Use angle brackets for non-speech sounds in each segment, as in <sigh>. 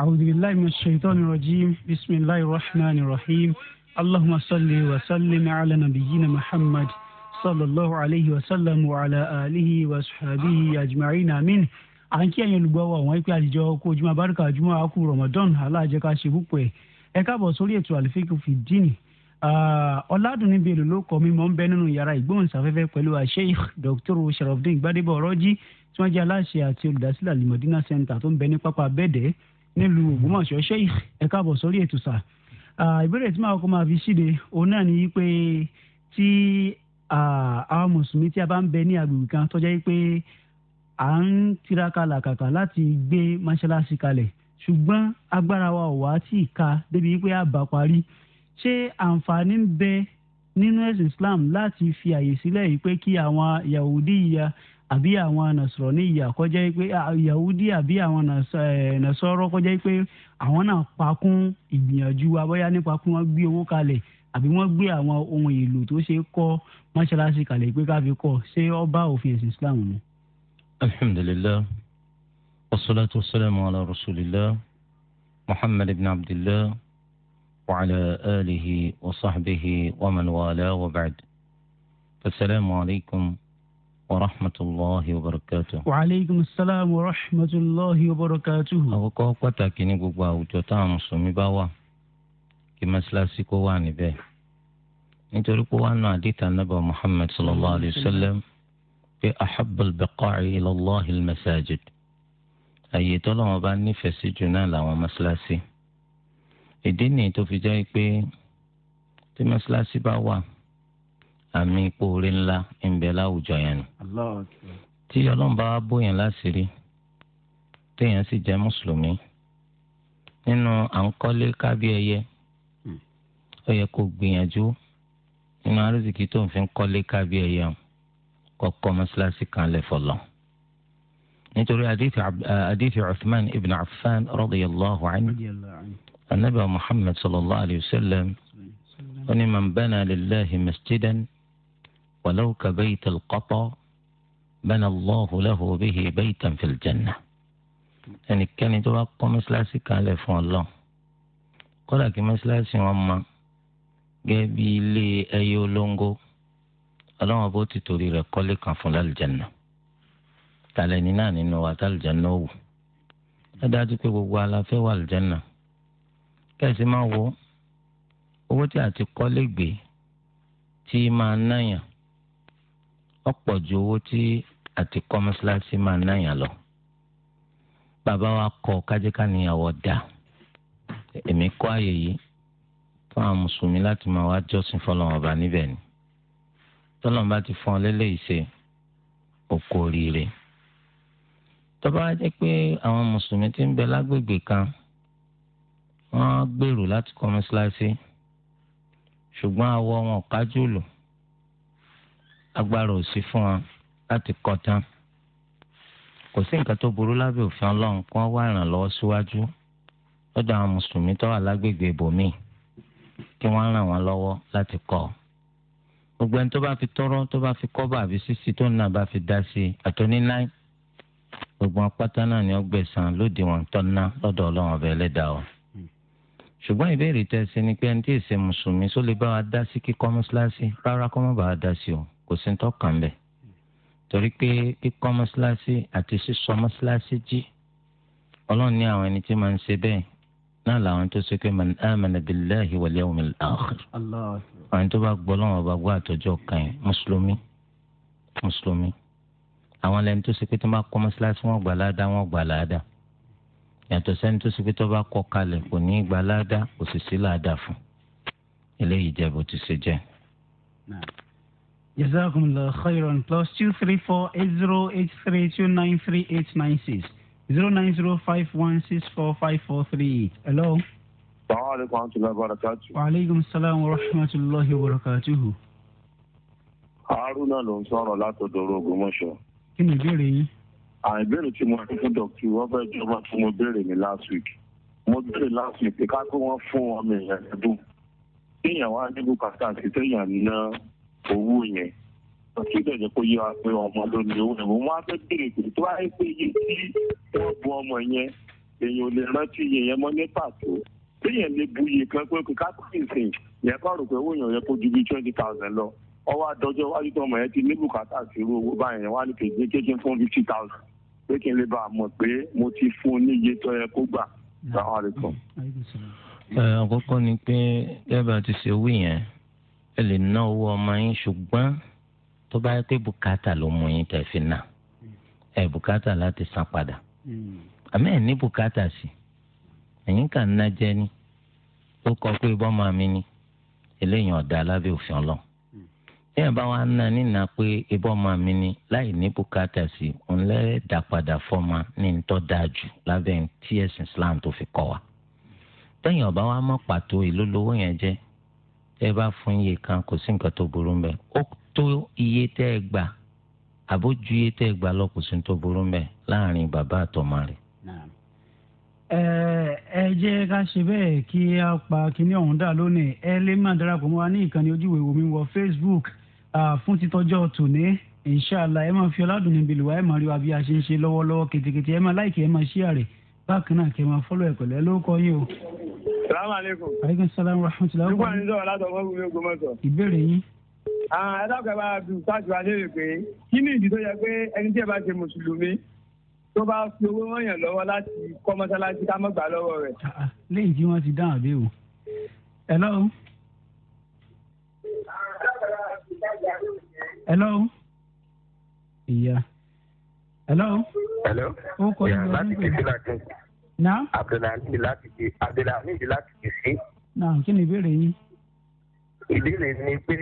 أعوذ بالله من الشيطان الرجيم بسم الله الرحمن الرحيم اللهم صل وسلم على نبينا محمد صلى الله عليه وسلم وعلى آله وصحبه أجمعين آمين à ń kí ẹ̀yin olùgbọ́wọ́ àwọn ẹgbẹ́ àtijọ́ kó ojúmọ́ abárúkà ojúmọ́ àkú Ramadan aláàjẹká ṣe púpọ̀ ẹ̀ ẹ káàbọ̀ sórí ètò àlùfíìkù fìdíìnì ah, ọ̀làdùnní bèlò ló kọ́ mi ń bẹ nínú yàrá ìgbóhùnsáfẹ́fẹ́ pẹ̀lú Sheikh Dr. Sharafdin Gbadebo Ọ̀rọ́jì tí wọ́n jẹ́ aláṣẹ àti olùdásílẹ̀ al Center tó ń bẹ ní pápá bẹ́ẹ̀dẹ́ nílùú Ògbómọ̀ṣọ́ sheikh ẹ káàbọ̀ sórí ètò sà ìbéèrè tí màá kọ máa fi ṣíde òun náà ni pé tí àwọn mùsùlùmí tí a bá ń bẹ ní agbègbè kan tó jẹ́ pé à ń tiraka làkàkà láti gbé mọ́ṣáláṣí kalẹ̀ ṣùgbọ́n agbára wa ò wá tí ì ka débi pé a bá parí ṣé àǹfààní ń bẹ nínú ẹ̀sìn Islam láti fi àyè sílẹ̀ yìí pé kí àwọn Yahudi ya àbí àwọn nàṣọ̀rọ̀ ní ìyà kọjá pé yahudi àbí àwọn nàṣọ̀rọ̀ kọjá pé àwọn náà pakún ìgbìyànjú abọ́yá nípa kí wọ́n gbé owó kalẹ̀ àbí wọ́n gbé àwọn ohun èlò tó ṣe kọ́ mọ́ṣáláṣí kalẹ̀ pé ká kọ́ ṣé ó bá òfin ẹ̀sìn islam mu. alhamdulilayi wasalaatu wasalaamu ala rasulillah muhammad ibn abdillah wa ala alihi wa sahbihi wa man wala wa ba'd. asalaamu As ورحمة الله وبركاته وعليكم السلام ورحمة الله وبركاته àkọ́kọ́ pàtàkì ní gbogbo àwùjọ táwọn mùsùlùmí bá wà kí mọ́ṣáláṣí kó wà níbẹ̀ nítorí kó wà nù àdìtà nàbà muhammed sallallahu alayhi wa sallam pé ahabal biqa'i ila allah masajid àyè tọ́lọ́wọ́n bá nífẹ̀ẹ́ sí jù làwọn mọ́ṣáláṣí ìdí nìyí tó fi jẹ́ pé tí mọ́ṣáláṣí bá wà àmì ipò orí ńlá ń bẹ láwùjọ yẹn nù. tí ọlọ́run bá bóyàn láṣìírí téèyàn sì jẹ́ mùsùlùmí nínú à ń kọ́lé kábí ẹyẹ hmm. ó yẹ kó gbìyànjú nínú arísìkí tó ń fi ń kọ́lé kábí ẹyẹ kọ́kọ́ mọ́ṣáláṣí kan lẹ̀ fọlọ́ nítorí adífi Uthman ibn Affan radiyallahu anhu anabi muhammad sallallahu alayhi wa sallam ó ní man bana lillahi masjidan. ولو كبيت القطا بنى الله له به بيتا في الجنة يعني كان توقع مسلاسي كان فون الله قال كي مسلاسي وما جابي لي أيو لونغو الله أبو تتوري رقالي كان فون الجنة تعليني ناني نوات الجنة وو adájú pé gbogbo aláfẹ́ wà lùjánà kẹ́sì máa wo owó tí a ti ọ̀pọ̀ ju owó tí àti kọ́ mọ́ṣáláṣí máa ń náyàn lọ. bàbá wa kọ kájíká níyàwó dà èmi kọ́ àyè yìí fún àwọn mùsùlùmí láti máa wá jọ́sìn fọlọ́wọn ọba níbẹ̀ ni tọ́lọ́n bá ti fún ọ lélẹ́yìí ṣe oko oríire tọ́ba wá jẹ́ pé àwọn mùsùlùmí ti ń bẹ lágbègbè kan wọ́n gbèrò láti kọ́ ṣùgbọ́n àwọ̀ wọn kájú lò agbára ò sí fún wọn láti kọ́ tán kò sí nǹkan tó burú lábẹ́ òfin ọlọ́run kó wá ìrànlọ́wọ́ síwájú lọ́dọ̀ àwọn mùsùlùmí tó wà lágbègbè ibòmíì kí wọ́n ràn wọ́n lọ́wọ́ láti kọ́ gbogbo ẹni tó bá fi tọrọ tó bá fi kọ́ bàbí sísì tó nà bá fi dá sí i àtọ́níláì gbogbo apáta náà ni ó gbẹ̀san lóde wọn tọ́ ná lọ́dọ̀ ọlọ́run ọbẹ̀ ẹlẹ́dàá o ṣùgbọ́n ìbéèrè tẹ́ ẹ ṣe ni pé ẹni tí ì ṣe mùsùlùmí só lè bá wa dá sí kíkọ́ mọ́ṣáláṣí rárá kọ́ mọ́ bá wa dá sí o kò sí tọkàn bẹ́ẹ̀ torí pé kíkọ́ mọ́ṣáláṣí àti sísọ mọ́ṣáláṣí jí ọlọ́run ní àwọn ẹni tí máa ń ṣe bẹ́ẹ̀ náà làwọn tó ṣe pé man amana billahi wal yawmil akhir àwọn tó bá gbọ́ lọ́wọ́ bá gbọ́ àtọ́jọ́ kan mùsùlùmí mùsùlùmí àwọn lẹni tó ṣe pé tó máa kọ́ mọ́ṣáláṣí wọn gbà ládàá wọn gbà ládàá yàtọ̀ sẹ́ni tó ṣe pé tó bá kọ́ kalẹ̀ kò ní í gbà ládàá kò sì sí ládàá fún eléyìí jẹ́ bó ti ṣe jẹ́ jazakumullah khairan plus two three four eight zero eight three two nine three eight nine six zero nine zero five one six four five four three eight. hello. salaamaleykum wa rahmatulahi wa barakatuhu. wa aleykum salaam wa rahmatulahi wa barakatuhu. haruna ló ń sọ̀rọ̀ látọ̀dọ̀rọ̀ Ògbómọ̀ṣọ́. kí ni ìbéèrè yín. àwọn ìbéèrè tí mo rí fún dọ̀kítì wọ́n fẹ́ jọba tí mo béèrè ní last week. mo béèrè last week pé ká pé wọ́n fún ọmọ èèyàn ẹ̀dùn. téèyàn wá ní bùkátà sí téèyàn náà owó yẹn kí ìdọ̀jẹ́ kó yé wa pé ọmọ ló ní owó yẹn wọ́n á fẹ́ béèrè pé tó wáyé pé iye tí wọ́n bu ọmọ yẹn èèyàn ò lè rántí iye yẹn mọ́ ní pàtó téèyàn lè bu iye kan pé kíkà tó ń sìn yẹn kọ́ rò pé owó yẹn yẹ kó ju bíi twenty thousand lọ ọwọ́ àdọ́jọ́ wájú tó ọmọ yẹn ti ní bùkátà sí irú owó báyẹn wá ní kéde kéde fún fifty thousand pé kí n lè bá a mọ̀ pé mo ti fún un ní iye tó yẹ kó gbà. àkọ́kọ́ ni pé ẹ lè ná owó ọmọ yín ṣùgbọ́n tó bá yẹ pé bùkátà ló mú yín tẹ̀ fi nà ẹ bùkátà láti san padà àmì ẹ̀ ní bùkátà sí ẹ̀yìn kà ń nájẹ́ ni ó kọ pé bọ́mọ mi ni eléyìí ọ̀dà lábẹ́ òfin ọlọ́run téèyàn bá wàá na nínà pé ìbọn máa mi ni láì ní bùkátà sí ònlẹ́ dàpadà fọ́mà ní ntọ́ dáa jù lábẹ́ tí Islam tó fi kọ́ wa téèyàn bá wàá mọ̀ pàtó ìlólówó yẹn jẹ́ tẹ́ bá fún iye kan kò sí nǹkan tó burú mbẹ ó tó iye tẹ́ ẹ gbà àbó ju iye tẹ́ ẹ gbà lọ kò sí nǹkan tó burú mbẹ láàrin bàbá àtọmọ rẹ̀. ẹ jẹ́ ká ṣe bẹ́ẹ̀ kí a pa kinní ọ̀hún dà lónìí ẹ lè máa darapọ̀ mọ́ wa ní ìkànnì ojú ìwé omi wọ Facebook fún títọ́jọ́ tòní inshallah ẹ máa fi ọládùn níbi ìlú wa ẹ máa rí wa bí a ṣe ń ṣe lọ́wọ́lọ́wọ́ kètèkètè ẹ máa láìkì ẹ máa ṣíà rẹ̀ bákan náà kí n máa fọ́lọ́ ẹ̀kọ́ lẹ́ ló kọ́ yín o. salaamu aleykum. aleykum salaam wa rahmatulah. nígbà tí sọ̀rọ̀ látọ̀ fún mi ogun mọ́tò. ìbéèrè yín. ẹ dákẹ́ bá bí sáàtì wa léèrè pé kí ni ìdí tó yẹ pé ẹni tí ẹ bá ṣe mùsùlùmí tó bá fi owó wọn yàn lọ́wọ́ láti kọ́ mọ́sálásí ká mọ́ gbà lọ́wọ́ rẹ̀. lẹ́yìn tí wọ́n ti dáhùn àbí o. hello. hello. ìyá. hello. hello. ó kọ́ ìgbà nígbà na. abdulhamid láti jẹ abdulhamid láti jẹ sí. na kí ni ìbéèrè yín. ìbéèrè ni pé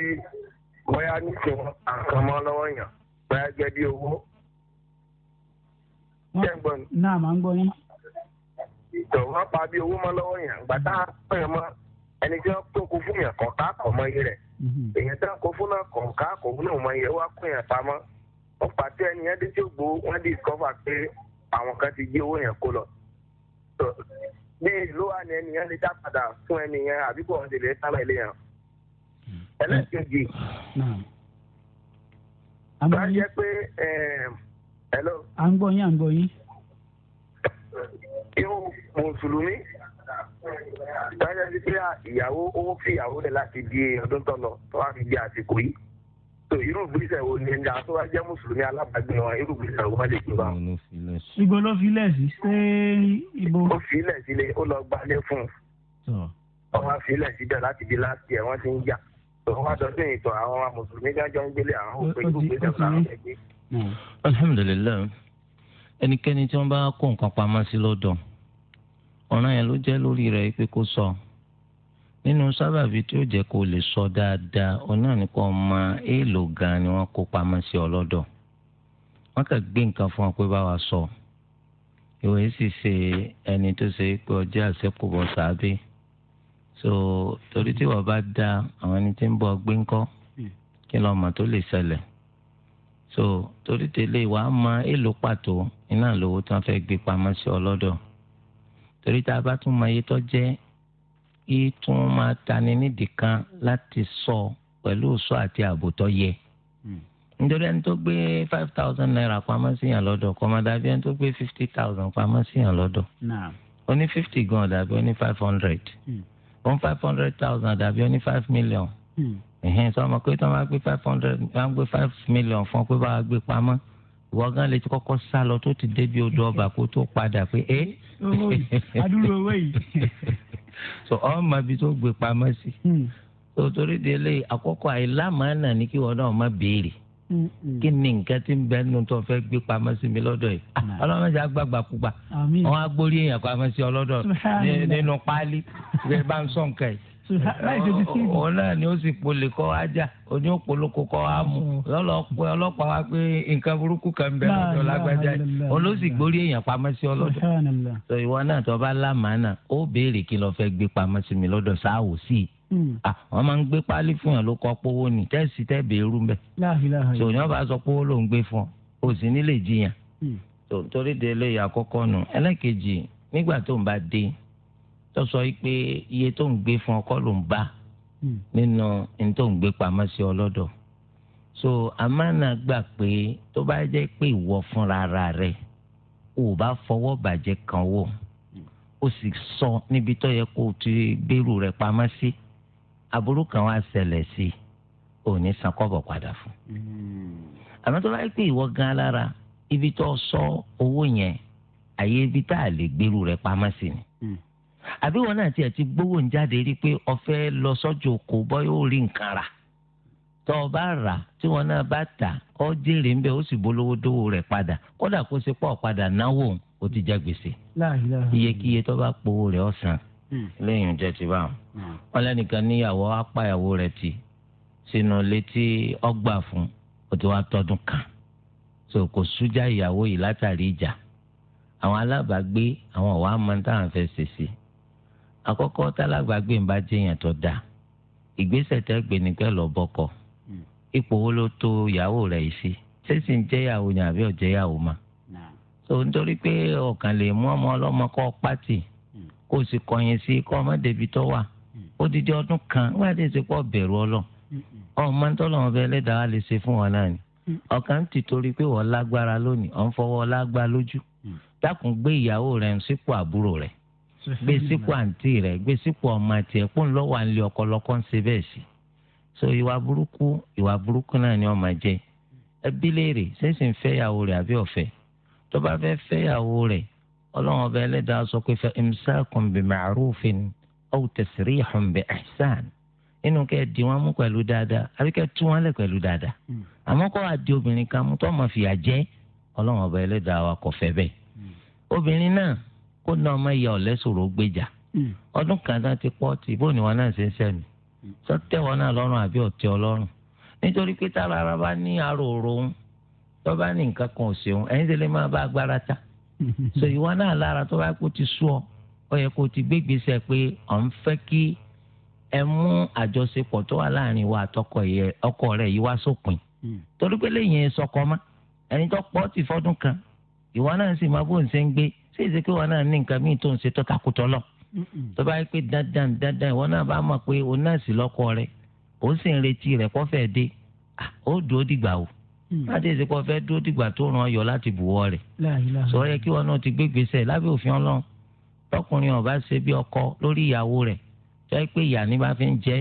bóyá níṣẹ́ àǹkan mọ́ lọ́wọ́ yàn bóyá jẹ́ bí owó. náà máa ń gbọ́ yín. ìtọ̀ wọn pa bí owó mọ́ lọ́wọ́ yàn ìgbà tá a pè mọ́ ẹni tí wọ́n tó kó fún yàn kọ̀ọ̀ká kọ̀ mọ́ iye rẹ̀ mhm. èyàn tí wọ́n kó fún náà kọ̀ọ̀ká kọ̀ fún náà mọ́ iye wọ́n á kó yàn pamọ́ ọ̀pá tí ẹni yẹn dé tí ó gbó wọ́n dì kọ́fà pé àwọn kan ti jí owó yẹn kó lọ sọ bí ìlú wa ni ẹnìyẹn lè dá padà fún ẹnìyẹn àbí kò ń tẹ̀lé sára ilé yẹn. ẹlẹ́kejì bá jẹ́ pé ehm, hello. à ń gbọ́ yín à ń gbọ́ yín. yóò mùsùlùmí bá jẹ́ pé ìyàwó ó fi ìyàwó rẹ̀ láti di ọdún tó lọ tó wá fi di àsìkò yìí tó irú ìgbésẹ̀ wo ni ẹni àti wájú mùsùlùmí alábàágbé wọn irú ìgbésẹ̀ wo wọ́n lè gbé wa. ibo ló filẹ̀ sí ṣé ibo. ó filẹ̀ sílẹ̀ ó lọ gbalé fún un. ọmọ filẹ̀ síbẹ̀ láti di last year wọ́n ti ń jà. òun wá dọ́sìn ìtọ̀ àwọn mùsùlùmí jọjọ ń gbélé àwọn òpin irú ìgbésẹ̀ wọn làwọn tẹ̀ gbé. alhamdulilayi ẹnikẹ́ni tí wọ́n bá kó nǹkan pamọ́ sí lọ́dọ̀ ọ̀ràn yẹn ló jẹ́ lórí rẹ̀ pé kó sọ nínú sábàbí tí ó jẹ́ kó lè sọ dáadáa ọ̀nà nìkan mọ èèlò gan ni wọ́n kó pamọ́ sí ọlọ́dọ̀ wọ́n kàn gbé nǹkan fún ọ pé bá wa sọ ìwé sì ṣe ẹni tó ṣe pé ọjọ́ àṣẹ́kùbọ̀ sàábé so torí tí wọ́n bá da àwọn ẹni tí ń bọ̀ gbé ńkọ́ hmm. kí lọ́ọ́ mọ̀ tó lè ṣẹlẹ̀ so torí tẹ́lẹ̀ wàá mọ èèlò pàtó iná lówó tí wọ́n fẹ́ gbé pamọ́ sí ọlọ́dọ̀ torí tá a bá tún mọ iye tó jẹ́ ìtún máa tani nídìí kan láti sọ pẹ̀lú sọ àti ààbò tó yẹ hmm. nítorí ẹni tó gbé five thousand naira pamọ́ sí yàn lọ́dọ̀ kò má dàbí ẹni tó gbé fifty thousand pamọ́ sí yàn lọ́dọ̀ ó ní fifty gan dàbí ó ní five hundred hmm. ó ní five hundred thousand dàbí ó ní five million hmm. ẹ̀hìn sọ ma pé tí wọ́n bá gbé five hundred bá ń gbé five million fún ọ pé bá wa gbé pamọ́ ìwọ gan lè ti kọ́kọ́ sá lọ tó ti débi odò ọba kó tó padà pé eh? <laughs> so ọmọ ibi tó gbé pamọ́ sí hmm. torí délé àkọ́kọ́ àìlámàánà ni kí wọn náà má béèrè hmm, hmm. kí ni nǹkan tí ń bẹ nínú tó fẹ́ gbé pamọ́ sí mi lọ́dọ̀ yìí ah, ọlọ́mọdé agbágbà púpà wọn á gbórí èèyàn pamọ́ sí ọlọ́dọ̀ nínú páálí bá ń sọ nǹkan yìí. Eh, òun náà ni ó sì polè kọ́ ajá oní òpolóko kọ́ á mú mm. lọ́lọ́pẹ́ ọlọ́pàá wa pé nǹkan burúkú kan bẹ̀rẹ̀ ọ̀dọ́ lágbájá òun ló sì gbórí èèyàn pamọ́ sí ọlọ́dọ̀ sọ ìwọ náà tó bá lámàánà ó béèrè kí lọ́ọ́ fẹ́ gbé pamọ́ sí mi lọ́dọ̀ sáàwò sí i mm. ah, wọ́n máa ń gbé pálí fún yàn ló kọ́ pówó ni tẹ́sí tẹ́ bẹ̀rù mbẹ́ sòyìn bá sọ pówó ló ń gbé fún ọ ò sì ní jiyàn mm. torí de eléyà àkọ́kọ́ nù ẹlẹ́kejì nígbà tó ń bá dé tó sọ pé iye tó ń gbé fún ọkọ ló ń bá hmm. nínú ní tó ń gbé pamọ́ sí ọlọ́dọ̀ so amánà gbà pé tó bá jẹ́ pé ìwọ fúnra rẹ̀ ò bá fọwọ́ bàjẹ́ kan wò ó sì sọ níbi tó yẹ kó o ti gbèrú rẹ̀ pamọ́ sí aburú kan wá ṣẹlẹ̀ sí i ò ní san kọ́bọ̀ padà fún un hmm. àmọ́ tó bá jẹ́ pé ìwọ gan alára ibi tó sọ owó yẹn àyè ibi tá a lè gbèrú rẹ̀ pamọ́ sí ni. Mm àbí wọn náà tiẹ̀ ti gbowó ń jáde rí pé ọ̀fẹ́ lọ sọ́jọ́ kò bọ́ yóò rí nǹkan rà tọ́ ọ bá rà tí wọn náà bá tà ọ́ jèrè ń bẹ ó sì bolówó dówó rẹ̀ padà kódà kó ṣe pọ̀ padà náwó ó ti já gbèsè iyekíye tó bá powó rẹ̀ ó san hmm. lẹ́yìn ti bá wọn hmm. lẹ́nìkan níyàwó apáyàwó rẹ̀ ti sínú létí ọgbà fún ó ti wá tọdún kan so kò sújà ìyàwó yìí látàrí ìjà àwọn alábàágbé àwọn ọ̀wá máa ń tàn ṣèṣe àkọ́kọ́ tálágbà gbé ń bá jẹ́yàn tó dáa ìgbésẹ̀ tẹ́ gbé ni pé lọ bọ́kọ hmm. ipò wo ló tó ìyàwó rẹ̀ yìí sí sẹ́sì ń jẹ́yàwó ni àbí ọ̀jẹ́yàwó ma so nítorí pé ọ̀kan lè mú ọmọ ọlọ́mọ kọ́ pátì hmm. kó o sì kọyìn sí kọ́ ọmọ débi tó wà ó hmm. dídí ọdún kan wọ́n á ti ṣe pọ̀ bẹ̀rù ọlọ́ ọmọ ntọ́lọ́mọ bẹ́ẹ̀ lẹ́dàá lè ṣe fún wọn náà ni ọ̀kan ti torí pé wọ́n lágbára lónìí ọ̀ fọwọ́ lágbá lójú dákun gbé ìyàwó rẹ̀ ń sípò àbúrò rẹ̀ gbé sípò àǹtí rẹ̀ gbé sípò ọmọ tiẹ̀ kó ń lọ́wọ́ àlè ọ̀kọ́lọ́kọ́ ń ṣe bẹ́ẹ̀ sí so ìwà burúkú ìwà burúkú náà ni ọmọ jẹ ẹbí léèrè ṣéṣin fẹ́yàwó rẹ̀ àbí ọ̀fẹ́ tó bá fẹ́ fẹ́yàwó rẹ̀ ọlọ́run ọba ẹlẹ́dàá sọ pé fa imsakun bi ma'rufin aw tasrihun bi ihsan nínú kẹ́ ẹ di wọn mú pẹ̀lú dáadáa àbí kẹ́ ẹ tú wọn lẹ̀ pẹ̀lú dáadáa àmọ́ kọ́ wa di obìnrin kan mú tó fìyà jẹ ọlọ́run ọba ẹlẹ́dàá wa kò fẹ́ obìnrin náà kó náà má gbéjà hmm. kan náà ti pọ́ ti bóun ni wọn náà ṣe ń sẹ́nu hmm. sọ́tẹ̀ wọn náà lọ́rùn àbí ọ̀tẹ̀ ọlọ́run nítorí pé ara bá ní àròrò ń tó kan ṣeun ẹ̀yin bá agbára ta hmm. so ìwọ náà lára tó bá kó ọkọ yìí wá sópin torí pé sọkọ ẹni tó pọ̀ ti kan ìwọ náà sì bóun ṣé èsì pé wọn náà ní nǹkan míì tó ń ṣe tọ́ta kú tó bá yẹ pé dandan dandan ìwọ náà bá mọ̀ pé òun náà sì lọ́kọ rẹ̀ òun sì ń retí rẹ̀ kó fẹ́ dé ó dúró dìgbà o láti mm. èsì kó fẹ́ dúró dìgbà tó ràn yọ láti bùwọ́ rẹ̀ sọ yẹ kí wọn náà ti gbégbèsè lábẹ́ òfin ọlọ́run tọkùnrin ọba ṣe bí ọkọ lórí ìyàwó rẹ̀ tó yẹ pé ìyà ni bá fi ń jẹ́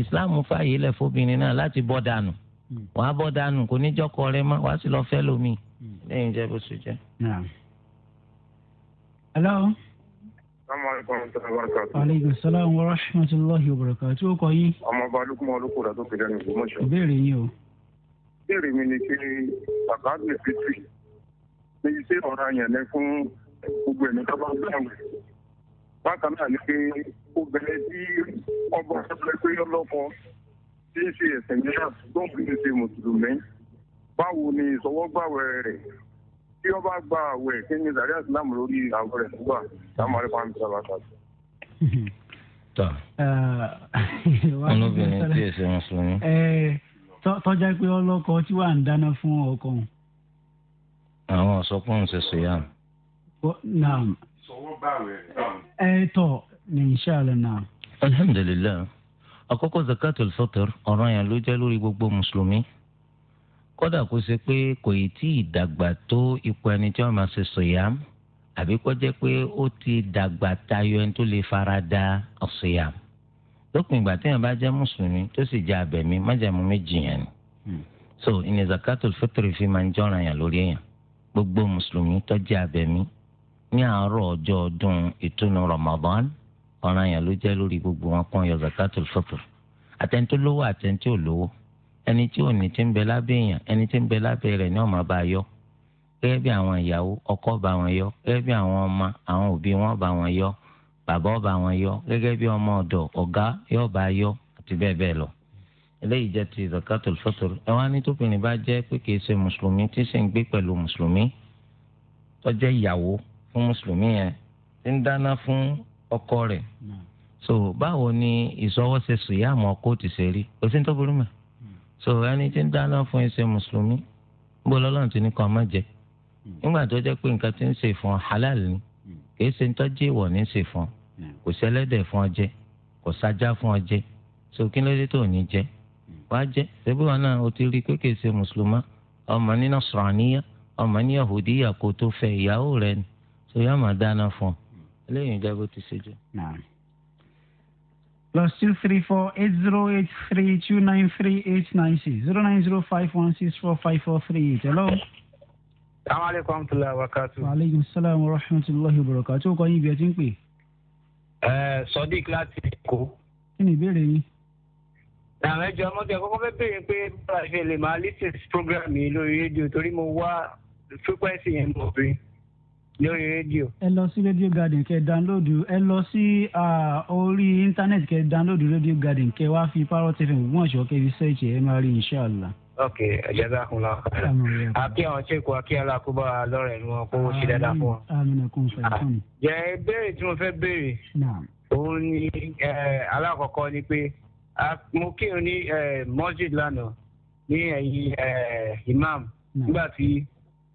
ìsìláàmù fààyè lẹ̀ fóbìnrin náà láti bọ́ dànù mm. wàá bọ́ dànù kò ní jọ́kọ rẹ̀ mọ́ wàá sì lọ fẹ́ lómi mm. lẹ́yìn jẹ́ bó ṣe jẹ́ hello. aleykum salaam wa rahmatulahi wa barakatuh o kọ yín. ọmọ ọba lukumọ olùkóra tó fi lẹ́nu ìgbìmọ̀ṣẹ́. ìbéèrè yín o. ìbéèrè mi ni kí bàbá mi fi tì níbi tí ọ̀rọ̀ àyàn ní fún gbogbo ẹ̀mí tó bá ń bẹ̀rẹ̀ bákan náà ni pé obìnrin tí ọgbọ́n ṣẹlẹ̀ pé ọlọ́kọ tí ń ṣe ẹ̀sìn nígbà tó ń bí ṣe mùsùlùmí báwo ni ìṣọwọ́gbàwẹ̀ rẹ̀ tí wọ́n bá gba àwẹ̀ kí ni sàrí àsìlámù lórí àwẹ̀ rẹ̀ nígbà táwọn arẹ́pà ń bẹ̀rẹ̀ bàtà. tọ́ olóbìnrin tí èsì mùsùlùmí. tọ́jà pé ọlọ́kọ tí wàá ń dáná fún ọkọ òun. àwọn ọ̀sọ́kùn ń ṣe sèyàn. naam. sọwọ́ bá àwẹ̀ rẹ̀. ẹ tọ́ ní inṣàlá náà. alhamdulilayi àkọ́kọ́ zakatul fitr ọ̀ranyàn ló jẹ́ lórí gbogbo mùsùlùmí kódà kó ṣe pé kò ì tí ì dàgbà tó ipò ẹni tí wọ́n máa ṣe sòyàm àbí kó jẹ́ pé ó ti dàgbà tayọ ẹni tó lè fara da ọ̀sòyàm lópin ìgbà téèyàn bá jẹ́ mùsùlùmí tó sì jẹ́ abẹ̀mí májàmú méjì yẹn ni hmm. so ìní zakatul fitri fi máa ń jọ́ra yàn lórí èèyàn gbogbo mùsùlùmí tó jẹ́ abẹ̀mí ní àárọ̀ ọjọ́ ọdún ìtúnu Ramadan ọ̀ranyàn ló jẹ́ lórí gbogbo wọn kan yọ zakatul fitri àtẹ̀ntó lówó àtẹ̀ntó lówó ẹni tí ò ní ti ń bẹ lábẹ́ èèyàn ẹni tí ń bẹ lábẹ́ rẹ̀ ni ó máa bá yọ gẹ́gẹ́ bí àwọn ìyàwó ọkọ bá wọn yọ gẹ́gẹ́ bí àwọn ọmọ àwọn òbí wọn bá wọn yọ bàbá ó bá wọn yọ gẹ́gẹ́ bí ọmọ ọ̀dọ̀ ọ̀gá yóò bá yọ àti bẹ́ẹ̀ bẹ́ẹ̀ lọ. eléyìí jẹ́ ti zakatul fitr ẹ wá ní tóbìnrin bá jẹ́ pé kìí ṣe mùsùlùmí tí sì ń gbé pẹ̀lú mùsùlùmí tó jẹ́ ìyàwó fún mùsùlùmí yẹn tí ń dáná fún ọkọ rẹ̀ hmm. so báwo ni ìsọwọ́sẹ̀ sùyàmù ọkọ ti ṣe rí kò tó burú mọ́ so ẹni tí ń dáná fún ẹ ṣe mùsùlùmí bó lọ́lọ́run ti ní kàn má jẹ hmm. nígbà tó jẹ́ pé nǹkan tí ń ṣe fún ọ halal ni hmm. kì í ṣe ń tọ́jú ìwọ̀ ní ṣe fún ọ hmm. kò ṣẹlẹ́dẹ̀ fún ọ jẹ kò sájà fún ọ jẹ so kí ló dé tó ní jẹ wá jẹ ṣébí wọn náà o ti rí i pé kì í ṣe mùsùlùmá ọmọ ní Nasraniya ọmọ ní Yahudiya kò tó fẹ́ ìyàwó rẹ ni so yóò máa dáná fún ọ eléyìí ń jẹ bó ti ṣe jẹ plus two three four eight zero eight three two nine three eight nine six zero nine zero five one six four five four three eight. hello. salaamu aleykum tula wakatu. waaleykum salaam wa rahmatulahi wa barakatu. o kò yín ibi ẹ ti ń pè. ẹ sodiq láti èkó. kí ni ìbéèrè yín. àwọn ẹjọ ọmọdé àkọ́kọ́ fẹ́ béèrè pé báyìí ṣe lè máa lis ten sí program yìí lórí rédíò torí mo wá frequency yẹn mọ̀ bí lórí rédíò. ẹ lọ sí radio garden kẹ download ẹ lọ sí orí íńtánẹ́ẹ̀tì kẹ download radio garden kẹ wá fi parrot fm Ògbómọ̀ṣọ́ kẹ fi ṣẹ́ẹ̀kì ẹ máa rí inṣàlá. ok ẹjẹba kun la àti àwọn ṣèkọ àti alákóbá lọrẹ ni wọn kó ṣe dáadáa fún wọn. jẹ ìbéèrè tí mo fẹ́ béèrè òun ni alákọ̀ọ́kọ́ ni pé mo kírun ní mosjid lánàá ní ẹ̀yìn imam nígbà tí.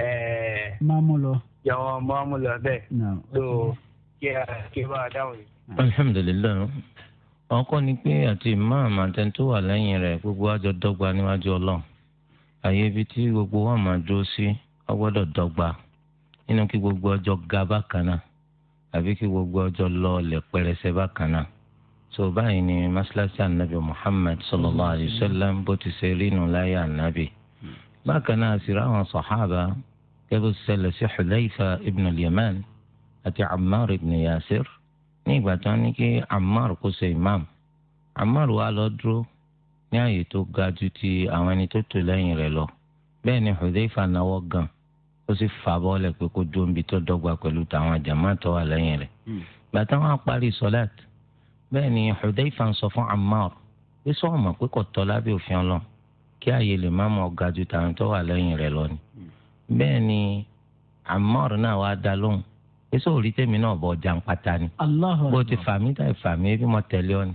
ɛɛ eh, maamulɔ jɔwɔ maamulɔ bɛ do kíba dáhùn yìí. Ah. alhamdulilayi wọn kọ́ ni pé àti imam àtẹ̀ntó wà lẹ́yìn rẹ̀ gbogbo àjọ dọ́gba níwájú ọlọ́run àyè ibi tí gbogbo wọn máa dúró sí dọ́gba gbogbo ọjọ́ ga bákan náà gbogbo ọjọ́ pẹrẹsẹ bákan náà tó báyìí ni masalasi anabi muhammad sallallahu alayhi wa sallam bó ti anabi. bákan náà sì rá àwọn sàhábà kẹ́bù ṣẹlẹ̀ sí Hulayfa ibn al-Yaman àti Ammar ibn Yasir ní ìgbà tán ní kí Ammar kó ṣe imam Ammar wa lọ dúró ní ààyè tó ga ju ti àwọn ẹni tó tò lẹ́yìn rẹ̀ lọ bẹ́ẹ̀ ni Hulayfa náwó gan ó sì fà bọ́ọ̀lẹ̀ pé kó dúró níbi tó dọ́gba pẹ̀lú tàwọn jàmá tó wà lẹ́yìn rẹ̀ hmm. gbàtà wọn parí sọ́láàtì bẹ́ẹ̀ ni Hulayfa ń sọ fún Ammar pé sọ́ọ̀mọ̀ pé kò tọ́ lábẹ́ òfin ọlọ́run kí ààyè lè má mọ ga ju tàwọn tó wà lẹ́yìn rẹ̀ lọ ni. bẹ́ẹ̀ ni Ammar náà wá dá lóhùn èso òrí tèmi náà bọ̀ jà ń pata ni bó ti fàmí tá ìfàmí ebi mọ tẹ̀lé ọ ni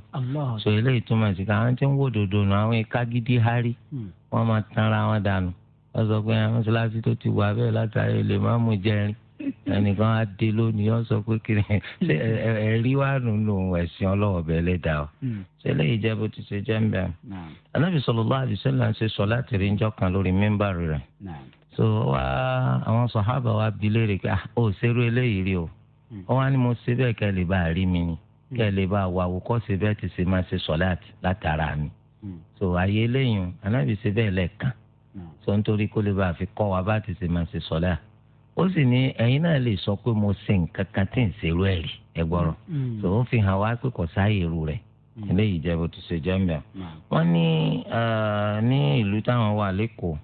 so eléyìí túmọ̀ sí ká àwọn tí ń wò dòdò nù àwọn ìka gidi hárí hmm. wọ́n máa tanra wọn dànù wọ́n sọ pé mọ́ṣáláṣí tó ti wà bẹ́ẹ̀ látàrí lè má mú jẹrin ẹnìkan á dé lónìí ó sọ pé kiri ẹ̀rí wà nínú ẹ̀sìn ọlọ́wọ́ bẹ́ẹ̀ lẹ́dà o hmm. ṣé lẹ́yìn jẹ́ bó ti ṣe jẹ́ ń bẹ̀. anábì sallallahu alaihi wasallam ṣe sọ láti rí njọ́ kan lórí mímbàrú rẹ̀ so wá àwọn sàhábà wa bi léèrè pé ó ah, ṣerú eléyìí rí o hmm. ó wá ní mo ṣe bẹ́ẹ̀ kẹ́ lè bá rí mi ni hmm. kẹ́ lè bá wà wò kọ́ ṣe bẹ́ẹ̀ ti ṣe máa ṣe sọ̀láàtì látara mi so àyè eléyìí anábì ṣe bẹ́ẹ̀ lẹ́ẹ̀kan so nítorí kó lè bá fi kọ́ wa bá ti ṣe máa ṣe sọ̀láàtì ó sì ní ẹ̀yin náà lè sọ pé mo ṣe nǹkan kan tí ń ṣerú ẹ̀ rí ẹ gbọ́rọ̀ tó mm. mm. ń fi hàn wá pé kò sáàyè irú rẹ̀ mm. eléyìí jẹ́ bó ṣe jẹ́ mẹ́ọ̀. ní ní ìlú táwọn wà lẹ́kọ̀ọ́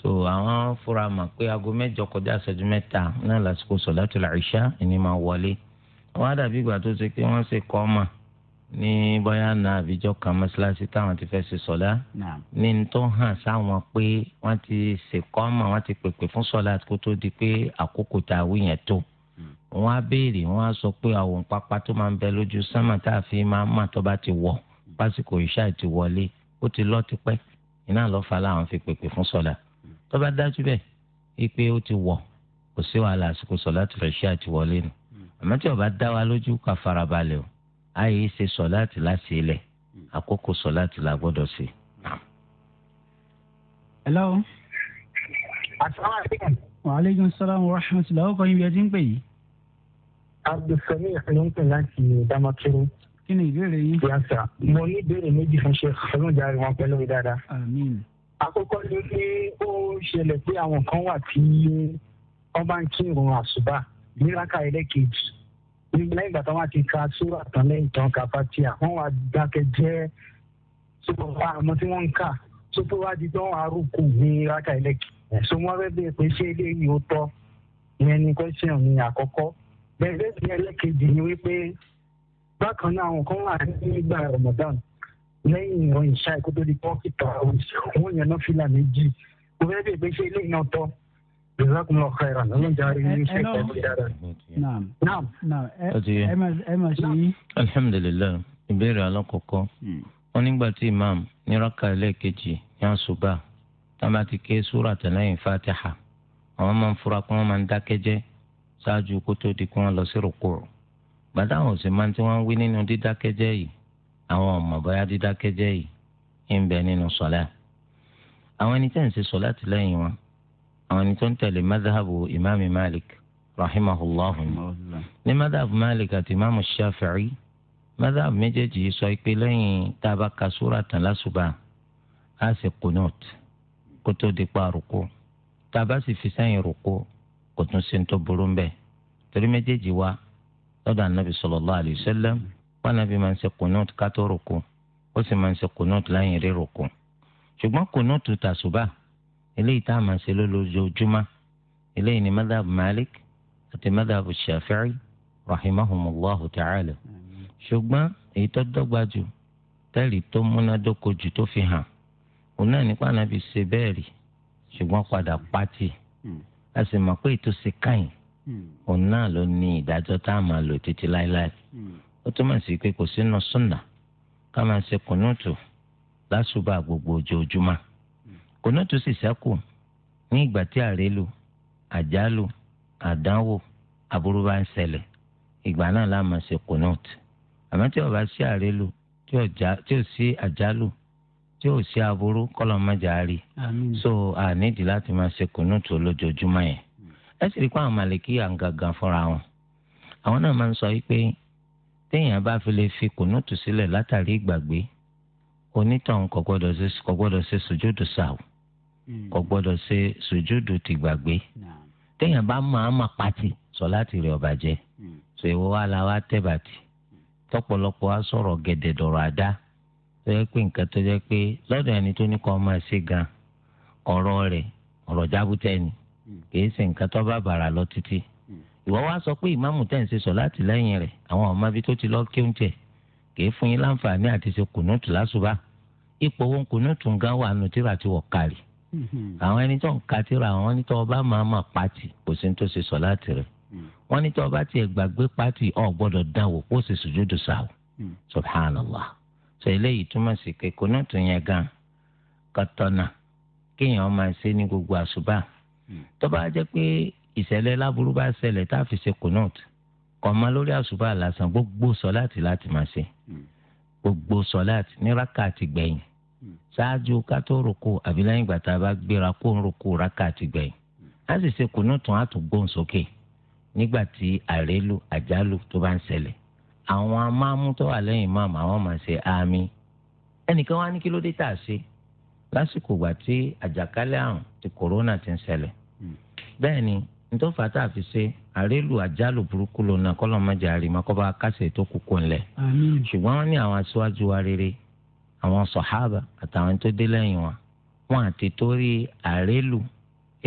so àwọn fura mọ̀ pé aago mẹ́jọ kọjá ìṣẹ́jú mẹ́ta náà lásìkò sọ̀látùl ìṣá ìní máa wọlé wọ́n á dàbí ìgbà tó ṣe pé wọ́n ṣe kọ́ ọ́ mọ̀ ní bóyá na àbíjọ kan mọ́ṣáláṣí táwọn ti fẹ́ ṣe sọ́lá ní n tó hàn sáwọn pé wọ́n ti ṣèkọ́mọ wọ́n ti pèpè fún sọ́lá kó tó di pé àkókò tá a wí yẹn tó hmm. wọ́n á béèrè wọ́n á sọ pé àwọn pápá tó máa ń bẹ lójú sánmà tá a fi máa ń mà tó bá ti wọ̀ pásìkò ìṣá ti wọlé ó ti lọ tipẹ́ iná lọ fa láwọn fi pèpè fún sọ́lá hmm. tó bá dájú bẹ́ẹ̀ wípé ó ti wọ̀ kò sí wàhálà àsìkò àyè ṣe sọ̀láàtì láti ilẹ̀ àkókò sọ̀láàtì la gbọ́dọ̀ ṣe. hello. asalaamualeykum. waaleykum salaam wa rahmatulah ọkọ yín bí ẹ ti ń pè yìí. abdulsani ló ń pè láti damaturu. kí ni ìbéèrè yín. yàtọ̀ mo ní ìbéèrè méjì fún ṣe ọlọ́jà rẹ̀ wọn pẹ̀lú ìdára. àmín. àkọ́kọ́ ni pé ó ṣẹlẹ̀ pé àwọn kan wà tí wọ́n bá ń kírun àṣùbà níláka ẹlẹ́kejì lẹ́yìn ìgbà tí wọ́n ti ka sóra tán lẹ́yìn tán ka fatia wọ́n wá dákẹ́ jẹ́ sọ́kọ̀ wa àmọ́ tí wọ́n ń kà sọ́kọ̀ wa di tán arúgbó ní rákà ẹlẹ́kì so wọ́n fẹ́ bẹ̀rẹ̀ pé ṣé eléyìí ó tọ́ ìyẹn ni question ni àkọ́kọ́ bẹ́ẹ̀ bí ẹlẹ́kejì ni wípé bákan náà àwọn kan wà nígbà Ramadan lẹ́yìn ìrìn ìṣá ìkótó di pọ́kítà òun yẹn náà fìlà méjì mo fẹ́ bẹ̀rẹ̀ pé ṣé eléyìí náà tọ́ jazakumullahu khairan ọlọ́run jaari ní ṣe pẹ̀lú dáadáa. naam naam ẹ ma ṣe yí. alhamdulilayi ìbéèrè alákọ̀ọ́kọ́ hmm. wọn nígbà tí imam ní rákà ẹlẹ́ẹ̀kejì ní àṣùbà táwọn ti ké súrà tẹ̀lẹ́yìn fatiha àwọn máa ń fura pé wọ́n máa ń dákẹ́jẹ́ ṣáájú kó tó di kí wọ́n lọ sí rúkú rò àwọn òsì máa ń tí wọ́n wí nínú dídákẹ́jẹ́ yìí àwọn ọmọ bóyá dídákẹ́jẹ́ yìí ń bẹ nínú sọ̀lá àwọn ẹni tẹ́ ń ṣe sọ̀lá tìlẹ́yìn wọn àwọn ẹni tó ń tẹ̀lé madhabu imami malik rahimahullah ní madhabu malik àti imamu shafi'i madhabu méjèèjì yìí sọ pé lẹ́yìn tá a bá ka súra tán lásùbà á sì kunut kó tó di pa àrùkù tá a bá sì fi sẹ́yìn rùkù kò tún sí ní tó burú ń bẹ̀ torí méjèèjì wa lọ́dọ̀ anabi sallallahu alayhi wa wọn anabi máa ń ṣe kunut ká tó rùkù ó sì máa ń ṣe kunut lẹ́yìn rí rùkù ṣùgbọ́n kunut tàṣùbà eléyìí tá a máa ṣe lójoojúmọ́ eléyìí ni madhab malik àti madhab shafi'i rahimahumullahu ta'ala ṣùgbọ́n èyí tó dọ́gba jù tẹ́lì tó múnádóko jù tó fi hàn òun náà nípa nàbì ṣe bẹ́ẹ̀ rí ṣùgbọ́n padà pátì hmm. a sì mọ̀ pé ètò ṣe káyìn hmm. òun náà ló ní ìdájọ́ tá a máa lò títí láéláé hmm. ó túmọ̀ sí pé kò sínú súnà ká máa ṣe kùnúùtù lásùbà gbogbo ojoojúmọ́ kò náà tó sì sẹ́kù ní ìgbà tí àrélu àjálù àdánwò aburú bá ń ṣẹlẹ̀ ìgbà náà la máa ṣe kùnút àmọ́ tí ó bá sí àrélu tí ó sí àjálù tí ó sí aburú kọ́lọ́ rí so ànídìí láti máa ṣe kùnút lójoojúmọ́ yẹn ẹ sì rí i pé àwọn màlìkí àǹgàǹgà fúnra wọn àwọn náà máa ń sọ wípé téèyàn bá fi lè fi kùnútù sílẹ̀ látàrí ìgbàgbé onítàn kò gbọ́dọ̀ ṣe sùjúdù sáà Hmm. kò gbọ́dọ̀ ṣe sùjúdù ti gbàgbé téèyàn bá máa ma pati sọláàtì rẹ̀ ọba jẹ́ ṣe ìwọ wa la wa tẹ́bàtì hmm. tọ́pọ̀lọpọ̀ wa sọ̀rọ̀ gẹ̀dẹ̀ dọ̀rọ̀ àdá tó yẹ pé nǹkan tó yẹ pé lọ́dọ̀ ẹni tó ní kọ́ máa ṣe gan ọ̀rọ̀ rẹ̀ ọ̀rọ̀ jábútẹ́ ni hmm. kìí ṣe nǹkan tó bá bàrà lọ títí ìwọ wa sọ pé ìmáàmù tẹ̀ ń ṣe sọláàtì lẹ́yìn rẹ̀ àwọn ọmọ ibi tó ti lọ kí oúnjẹ kìí fún yín láǹfààní àti ṣe kùnúùtù lásùbà ipò wọn kùnúùtù gan wà nù tíra ti wọ̀ kárì Mm-hmm. àwọn ẹni tó ń ka àwọn ẹni tó ọba máa ma pati kò sí ní tó ṣe sọ láti rẹ mm. wọn ní tó ọba tiẹ̀ gbàgbé pati ọ̀ gbọ́dọ̀ dánwò kó sì sùjúdù sáwò mm. subhanallah sọ eléyìí túmọ̀ sí pé kò náà tún yẹn gan kọtọ́nà kéèyàn máa ṣe ní gbogbo àṣùbà mm. tó bá jẹ́ pé ìṣẹ̀lẹ̀ láburú bá ṣẹlẹ̀ tá a fi ṣe kò náà kọ̀ ọ́ ma lórí àṣùbà lásán gbogbo sọ láti láti máa ṣe gbogbo sọ láti ní rákàtì gbẹ̀yìn ṣáájú ká tó roko àbí lẹ́yìn ìgbà tá a bá gbéra kó ń roko rákàtì gbẹ̀yìn á sì ṣe kùnú tán á tún gbóhùn sókè nígbà tí àrélu àjálù tó bá ń ṣẹlẹ̀ àwọn amáàmú tó wà lẹ́yìn máàmù àwọn máa ṣe àmì ẹnìkan wá ní kí ló dé tà sí lásìkò ìgbà tí àjàkálẹ̀ àrùn ti kòrónà ti ń ṣẹlẹ̀ bẹ́ẹ̀ ni ntọ́fà tá a fi ṣe àrélu àjálù burúkú lòun náà kọ́lọ́ mọ́jà rí kọ́ bá kásẹ̀ tó kúkú ńlẹ̀ ṣùgbọ́n wọ́n ní àwọn aṣáájú wa rere àwọn sọ̀hábà àtàwọn tó dé lẹ́yìn wọn wọn àti torí àrélù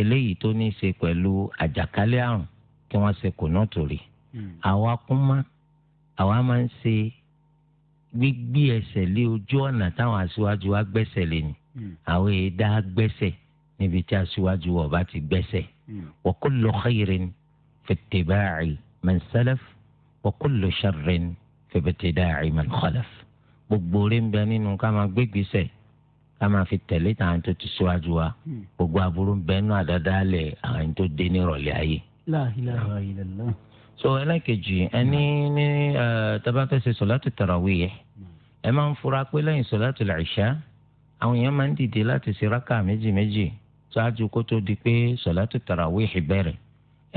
eléyìí tó ní í ṣe pẹ̀lú àjàkálẹ̀ àrùn kí wọ́n ṣe kò náà torí. Hmm. àwa kún mọ́ àwa máa ń ṣe gbígbé ẹsẹ̀ lé ojú ọ̀nà táwọn aṣíwájú wa gbẹ́sẹ̀ lé ni hmm. àwọn èèdá gbẹ́sẹ̀ níbi tí aṣíwájú wa bá ti gbẹ́sẹ̀. Hmm. wa kullu khairin fi ittiba'i man salaf wa kullu gbogbo rẹ̀ ń bẹ nínú ká máa gbégbèsè ká máa fi tẹ̀lé tàwọn tó ti síwájú wa hmm. gbogbo aburú ń bẹ nínú àdádálẹ̀ àwọn tó dé ní ìrọ̀lẹ́ ayé. la ilaha illallah. so ẹlẹ́kejì ẹni ní tabatẹ́sẹ̀ sọ̀látù tarawih yẹ ẹ máa ń fura pé lẹ́yìn sọ̀látù làṣà àwọn èèyàn máa ń dìde láti ṣe rákà méjì méjì ṣáájú kó tó di pé sọ̀látù tarawih bẹ̀rẹ̀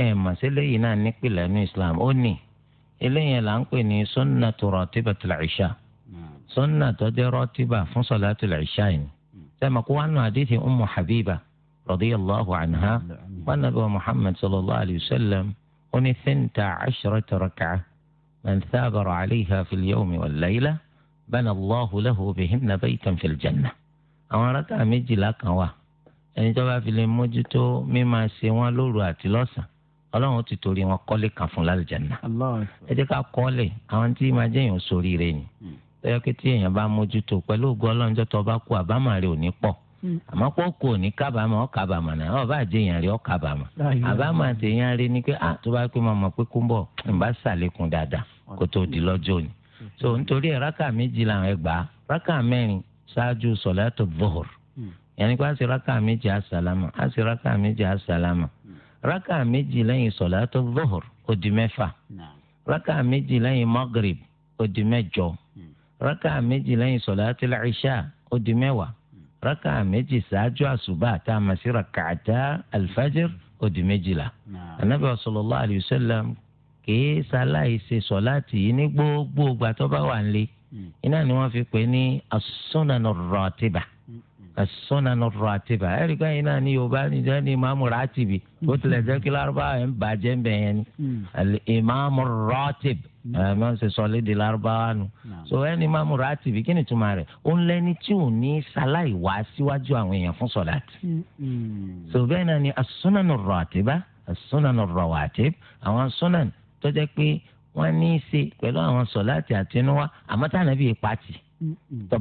ẹ̀ màṣẹ́lẹ̀ yìí náà nípìnlẹ̀ ní Islam ó ní eléyìí là ń pè ní sunnatu ratibatul isha sunna tó jẹ́ rọ́tíbà fún sọ̀láàtì làṣà yìí sẹ́mi kó wánú àdìsí ummu habiba radiyallahu anha wánàbí wa muhammad sallallahu alayhi wa sallam ó ní thinta ashrata rak'a man thabara alayha fil yawmi wal layla bana allahu lahu bihinna baytan fil janna. àwọn arákà méjìlá kan wà ẹni tó bá fi lè mójútó mímá ṣe wọn lóru àti lọ́sàn ọlọ́run ti torí wọn kọ́lé kan fún lálùjáná ẹ jẹ́ ká kọ́lé àwọn tí máa jẹ́yàn sórí rẹ̀ ni tẹ́yọ́ pé tí èèyàn bá mójútó pẹ̀lú ògùn ọlọ́njọ́ tó bá kú àbámọ̀ rẹ̀ ò ní pọ̀ hmm. àmọ́ pọ̀ kú ò ní kábàámọ̀ ọ̀ kábàámọ̀ náà ọ̀ bá jẹ́ èèyàn rí ọ̀ kábàámọ̀ àbámọ̀ àti èèyàn rí ni pé tó bá pé mo mọ̀ pé kú ń bọ̀ ń bá ṣàlékún dáadáa kó tó di lọ́jọ́ òní. so nítorí ẹ̀ rákà méjì làwọn ẹ gbà á rákà mẹ́rin ṣáájú sọ̀látò bọ́ọ̀r hmm. yẹnni pé àṣì rákà méjì àṣàlámà àṣì rákà méjì àṣàlámà hmm. rákà méjì lẹ́yìn sọ̀látò bọ́ọ̀r ó di mẹ́fà rákà méjì lẹ́yìn rákà méjì lẹ́yìn sọ̀láàtì láìṣà ó di mẹ́wàá rákà méjì ṣáájú àṣùbà tá a mọ̀ sí rakàtà alfajir ó di méjìlá. ànábì sallallahu alayhi wa sallam kìí ṣaláì ṣe sọ̀láàtì yìí ní gbogbo ìgbà tó bá wà nílé hmm. iná ni wọ́n fi pè ní as-sunan asọ́nà lọ́rọ̀ àtibá ẹ̀rí kan yìí náà ní yorùbá nìjẹ́ ní ìmáàmù ràtìbì bó mm-hmm. tilẹ̀ jẹ́ kí lárúbáwá ẹ̀ ń bàjẹ́ ń bẹ̀ yẹn ni ìmáàmù ràtìb mm-hmm. ẹ̀ máa ń ṣe sọ léde lárúbáwá nu so ẹ̀ ní ìmáàmù ràtìbì kí ni túmọ̀ rẹ̀ ó ń lẹ́ni tí ò ní sáláì wá síwájú àwọn èèyàn fún sọ̀láàtì mm-hmm. so bẹ́ẹ̀ náà ni asọ́nà lọ́rọ̀ àtibá asọ́nà lọ́rọ̀ àtib àwọn asọ́nà tó jẹ́ pé wọ́n ní í ṣe pẹ̀lú àwọn sọ̀láàtì àtinúwá àmọ́ tànàbí tó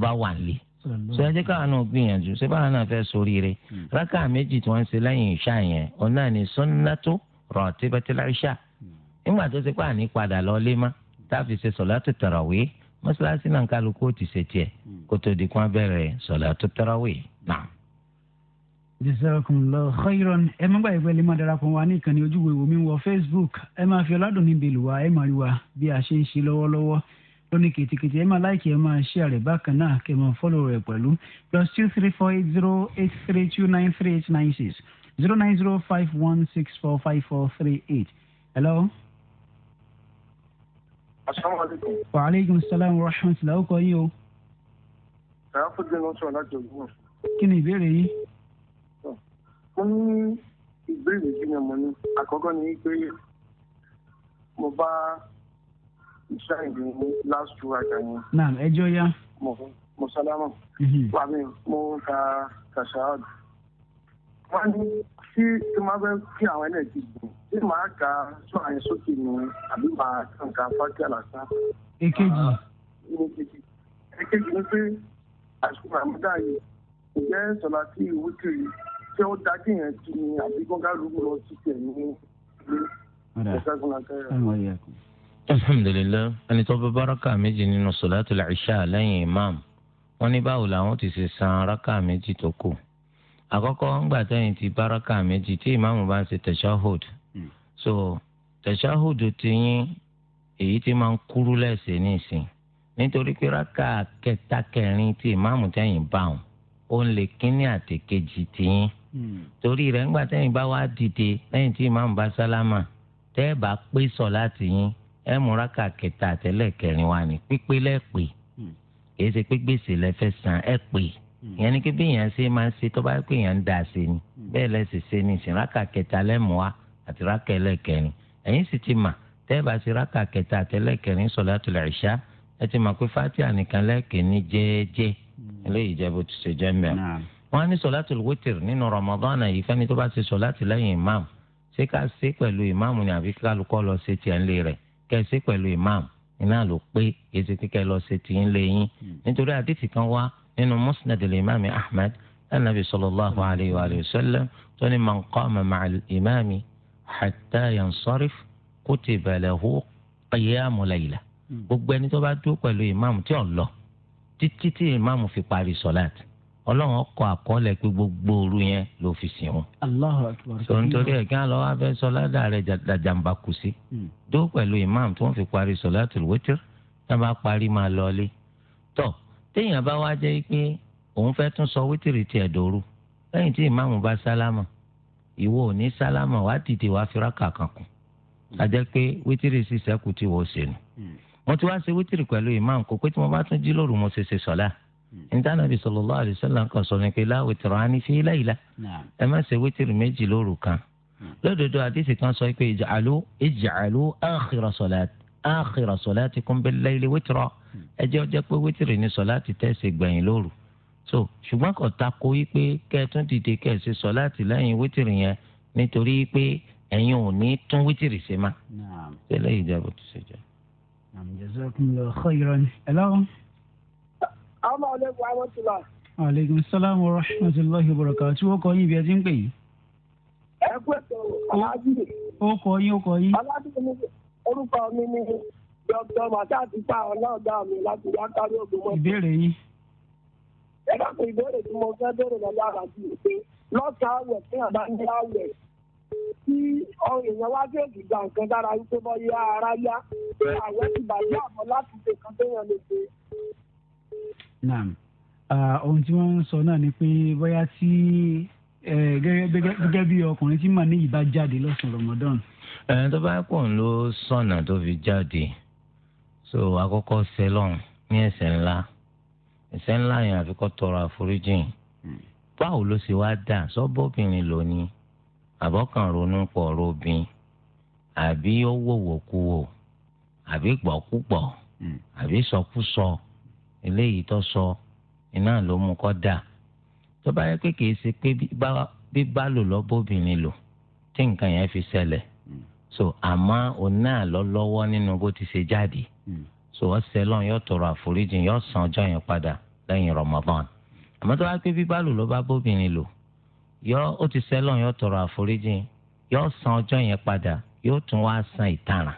sọ ẹ jẹ́ káwọn náà gbìyànjú ṣé báwọn náà fẹ́ soríire hmm. rákà méjì tí wọ́n ń ṣe lẹ́yìn ìṣá yẹn òun náà ní sunnatu ratibatil isha hmm. nígbà tó ṣe pé àní padà lọ lé má táàfin ṣe salatu tarawih mọ́ṣáláṣí náà kálukú ti ṣe tiẹ̀ hmm. kó tó di kán bẹ̀rẹ̀ salatu tarawih náà. jesakunlọ khairan ẹ má gbàgbé pẹ̀lú máa darapọ̀ wa ní ìkànnì ojú wo wọ Facebook ẹ máa fi ọládùn níbi ìlú wa ẹ máa rí wa bí a ṣe ń lóní kìtìkìtì ẹ máa láìkì ẹ máa ṣí àrẹ bákan náà kẹ máa fọ́lọ̀ rẹ̀ pẹ̀lú plus two three four eight zero eight three two nine three eight nine six zero nine zero five one six four five four three eight. hello. asalaamualeykum. wa aleykum salaam wa rahmatulah o kò yín o. ṣáà fún jẹ́ lọ́sọ̀ láti ọgbọ́n. kí ni ìbéèrè yìí. mo ní ìbéèrè méjì ni mo ní àkọ́kọ́ ni pé mo bá ṣáìdì ní last two àjà yẹn. naam ẹjọ ya. mo mo sálámà. Mhm. wà mí mo ka kàṣáàdù. wọ́n ní tí tí máa fẹ́ kí àwọn ẹlẹ́ẹ̀kejì tí màá ka sọ àyẹn sókè ni àbí màá kàn ká fákì àlàsà. èkejì. èkejì ni pé àsìkò àmúdá yìí ǹjẹ́ sọ̀lá tí ìwúkiri tí ó dájú yẹn ti ni àbí gbọ́ngàlù lọ sí tẹ̀ ní ilé. ọ̀dà ẹ̀ mọ̀ yẹ kù alhamdulilayi ẹni tó bá báraka méjì nínú sọláàtì làṣà lẹ́yìn imam wọn ní báwo làwọn ti ṣe san raka méjì tó kù àkọ́kọ́ ńgbà tẹ́yìn ti báraka méjì tí imam bá ń ṣe tẹ̀síáhùd hmm. so tẹ̀síáhùd ti yín èyí tí máa ń kúrú lẹ́sẹ̀ nísìn nítorí pé raka kẹta kẹrin tí imam tẹ́yìn bá wọn ó ń lè kínní àtẹ̀kejì ti yín hmm. torí rẹ̀ ńgbà tẹ́yìn bá wá dìde lẹ́yìn tí imam bá sálámà tẹ́ẹ̀ bá pé sọ láti yín ẹ múra ká kẹta àtẹlẹ kẹrin wa ni pípé lẹ́pẹ́ hmm. kì í ṣe pé gbèsè lẹ́fẹ́ san ẹ pè hmm. ìyẹn ni pé bí èèyàn ṣe máa ń ṣe tó bá pé èèyàn ń da ṣe ni hmm. bẹ́ẹ̀ lẹ́sẹ̀ ṣe ni ìsìn rákà kẹta lẹ́mú wa àti rákà ẹlẹ́kẹrin ẹ̀yìn sì ti mà tẹ́ẹ̀bà sí rákà kẹta àti ẹlẹ́kẹrin sọ̀látul ìṣá ẹ ti mà pé fatiha nìkan lẹ́ẹ̀kẹ́ jẹ́ẹ́jẹ́ eléyìí jẹ́ bó ti ṣe jẹ́ mẹ́rin wọ́n á ní sọ̀látul wítìr nínú Ramadan yìí fẹ́ni tó bá ṣe sọ̀láti lẹ́yìn ìmáàmù ṣé ká ṣe pẹ̀lú ìmáàmù ni àbí kálukọ́ lọ ṣe tiẹ̀ ńlẹ̀ rẹ̀ kẹsí pẹ̀lú imam iná ló pé èsì kíkẹ́ lọ ṣe tì í lẹ́yìn nítorí àdìsí kan wá nínú musnad imam ahmed anabi sallallahu alayhi wa sallam tó ní man qama ma'a al-imam hatta yansarif kutiba hmm. gbogbo ẹni tó bá dúró pẹ̀lú imam tí ò lọ títí tí imam fi parí sọ̀láàtì ọlọ́run kọ àkọọ́lẹ̀ pé gbogbo òru yẹn ló fi sìn wọn. Allahu Akbar. sọ nítorí ẹ̀ kí wọ́n lọ wá fẹ́ sọ́ládà rẹ̀ dàjàmbá kù sí. Hmm. dó pẹ̀lú imam tí wọ́n fi parí sọ́ládùl wítìr tá a bá parí máa lọlé. tọ́ téèyàn bá wá jẹ́ pé òun fẹ́ tún sọ wítìrì tiẹ̀ dòru lẹ́yìn tí imam bá sálámà ìwọ ò ní sálámà wá dìde wá fi rákà kan kù. Hmm. a jẹ́ pé wítìrì sì sẹ́kù tí wọ́n ṣe nù. Hmm. mo ti wá ṣe wítìrì pẹ̀lú imam kò pé tí mo bá tún jí lóru mo ṣe ṣe sọ́lá. Hmm. níta nàbì sallallahu alaihi wasallam kan sọ ní pé la witrani fi layla ẹ má ṣe wítìrì méjì lóru kan hmm. lódodo àdìsí kan sọ pé ij'alu ij'alu akhira salat akhira salatikum bil layli witra hmm. ẹ jẹ́ ọjọ́ pé wítìrì ní sọláàtì tẹ̀sí gbẹ̀yìn lóru so ṣùgbọ́n kò takò wípé kẹ́ẹ̀tún dìde kẹ́ẹ̀sì sọláàtì lẹ́yìn wítìrì yẹn nítorí pé ẹ̀yin ò ní tún wítìrì ṣe má. tẹ́lẹ̀ ìjẹ́bù tó ṣe jẹ́. àmì jẹ́sọ́kùn lọ amaleykum amatula. aleykum salaam wa rahmatulahi wa barakatuh tí wọ́n kọ yín ibi ẹ ti ń pè yín. ẹ pẹ́ tó alájúde. ó kọ yín ó kọ yín. alájúde orúkọ mi ni dr masad pa ọlọ́ọ̀dà mi láti yákàrí ògbómọ̀. ìbéèrè yín. ẹ dákun ìbéèrè tí mo fẹ́ béèrè lọ́wọ́ àràjù pé lọ́sàn-án àwẹ̀ fún àbájá àwẹ̀ tí èèyàn wá sí gba nǹkan naam ohun tí wọ́n ń sọ náà ni pé bóyá tí gẹ́gẹ́ bí ọkùnrin tí màá ní ìbá jáde lọ́sàn Ramadan. ẹni tó bá pọ̀ ń lo sọ̀nà tó fi jáde so àkọ́kọ́ sẹlọ̀n ní ẹ̀ṣẹ̀ ńlá ẹ̀ṣẹ̀ ńlá yẹn àfikọ́ tọrọ àforíjìn hmm. báwo ló ṣe wá dà sọ́bọ̀bìnrin lónìí àbọ̀kàn ronú pọ̀ robin àbí ó wòwò kú wò àbí gbọ̀kúgbọ̀ hmm. àbí sọkúsọ. So eléyìí tó sọ iná ló mú kọ́ dà tó bá yẹ pé kìí ṣe pé bíbá lò lọ́bọ̀bìnrin lò tí nǹkan yẹn fi ṣẹlẹ̀ hmm. so àmọ́ òun náà lọ lọ́wọ́ nínú bó ti ṣe jáde hmm. so ọ̀sẹ̀ lọ́n yóò tọrọ àforíjì yóò san ọjọ́ yẹn padà lẹ́yìn Ramadan àmọ́ tó bá pé bíbá lò lọ́ba bóbìnrin lò yóò ó ti sẹ́lọ̀ yóò tọrọ àforíjì yóò san ọjọ́ yẹn padà yóò tún wá san ìtaràn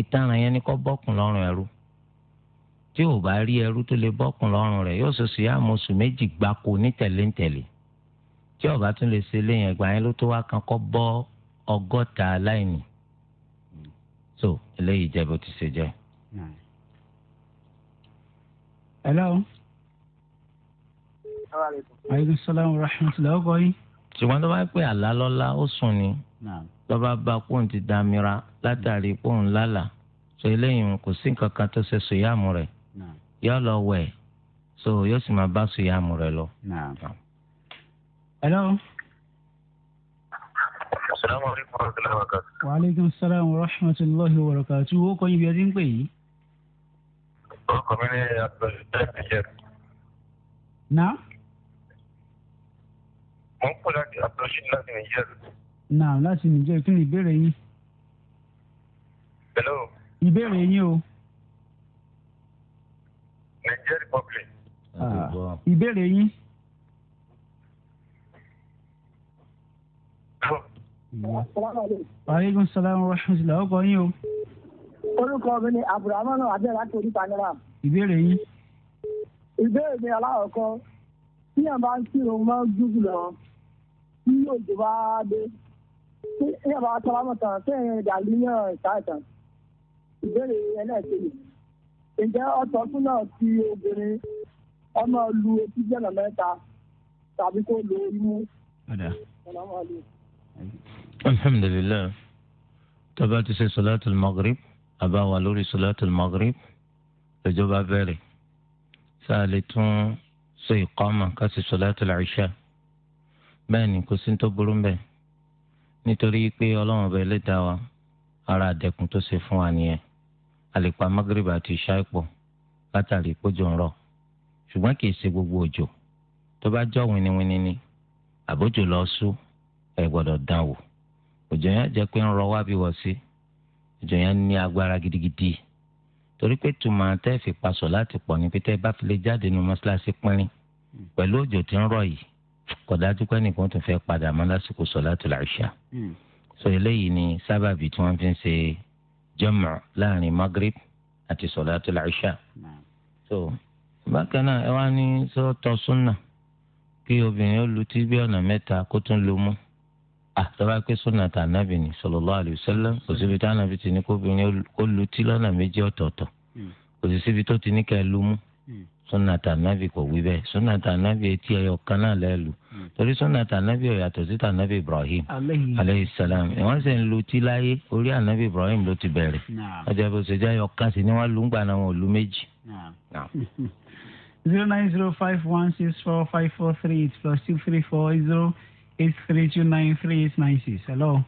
ìtaràn yẹn ni kó bọ́kùn lọ́rùn ẹrú tí ò bá rí ẹrú tó lè bọ́kùn lọ́rùn rẹ̀ yóò ṣoṣo yá àmọ́ oṣù méjì gbáko ní tẹ̀léńtẹ̀lé tí ò tún lè ṣe léyìn ẹgbà yẹn ló tó wá kan kọ́ bọ́ ọgọ́ta aláìní so eléyìí jẹ́ bó ti ṣe jẹ́. hello. aleykum salaam wa rahmatulah ọkọ yìí. ṣùgbọ́n tó bá pè àlá lọ́la ó sùn ni lọ́ba bá pọ́ùn ti dàmíra látàrí pọ́ùn lálàá so eléyìí kò sí nǹkan kan tó ṣe sòyàmù rẹ̀. yọ lọ wẹ̀ so yóò sì máa bá sùyàmù rẹ̀ lọ. hello. salaamaleykum wa rahmatulahi wa barakatu. wa aleykum wa rahmatulahi wa barakatu. wo kọ́ ibi ẹni ń pè yìí. ọkọ mi ni abdulrahman niger. na. mo ń pè láti abdulrahman láti na láti niger kí ni ìbéèrè yín. hello. ìbéèrè o. Nigeria Republic. Ah, ìbéèrè yín. aleykum salaam wa rahmatulah ọkọ yín o. orúkọ mi ni abdulhamanu abdul láti oríta náírà. ìbéèrè yín. ìbéèrè mi aláwọ̀kọ́ tí yàn bá ń kírun máa ń dúdú lọ tí yóò jù bá dé tí yàn bá sálámù tán tí yàn dàlú yàn ṣáà tán ìbéèrè ẹlẹ́ẹ̀kejì ǹjẹ́ ọ̀tọ̀ tún náà ti obìnrin ọmọ lu etí jẹ̀nà mẹ́ta tàbí kó lo imú. alhamdulilayi tọ́ba ti ṣe sọláàtì magrib àbáwá lórí sọláàtì magrib lọ́jọ́ba bẹ̀rẹ̀ sáà tún ṣe ìkọ́mà ká sì sọláàtì làṣà bẹ́ẹ̀ ni kò sí tó burú bẹ́ẹ̀ nítorí pé ọlọ́run ọba ẹlẹ́dàá wa ara àdẹ̀kùn tó ṣe fún wa nìyẹn àlèpà magreba àti ṣáìpọ̀ látàrí ìkójọ ń rọ̀ ṣùgbọ́n kì í ṣe gbogbo òjò tó bá jọ winiwini ni àbójò lọ sú ẹ gbọ́dọ̀ dán wò òjò yẹn jẹ́ pé ń rọ̀ wá bí wọ sí òjò yẹn ní agbára gidigidi torí pé tùmọ̀ tẹ́ fi paṣọ láti pọ̀ ní pété bá fi lè jáde nu mọ́ṣáláṣí pínrín pẹ̀lú òjò tí ń rọ̀ yìí kò dájú pé nìkan tún fẹ́ padà mọ́ lásìkò sọ láti làṣà hmm. so eléyìí ni sábàbí tí wọ́n fi ń ṣe jamu láàrin magrib àti sọláàtì làṣà. so bákan náà ẹ wá ní sọ́tọ̀ súnà kí obìnrin ó lu tí bí ọ̀nà mẹ́ta kó tún lu mú àtọ́wá pé súnà tà nábì ní sallallahu alaihi wasallam kò síbi tá ti ní kóbìnrin ó lu tí lọ́nà méjì ọ̀tọ̀ọ̀tọ̀ hmm. kò síbi tó ti ní ká ẹ lu mú sunata nabi kò wí bẹ́ẹ̀ sunata nabi etí ẹyọ kan náà lẹ́lu hmm. torí sunata nabi ó yàtọ̀ síta nabi ibrahim aleyhi salam wọ́n sì ń lu tí láyé orí anabi ibrahim ló ti bẹ̀rẹ̀ ọjọ́ ìbò ṣèjọ́ ẹyọ kan ni wọ́n lu ń gbà náà wọn lu méjì. <laughs> zero nine zero five one six four five four three eight plus two three four zero eight three two nine three eight nine six hello.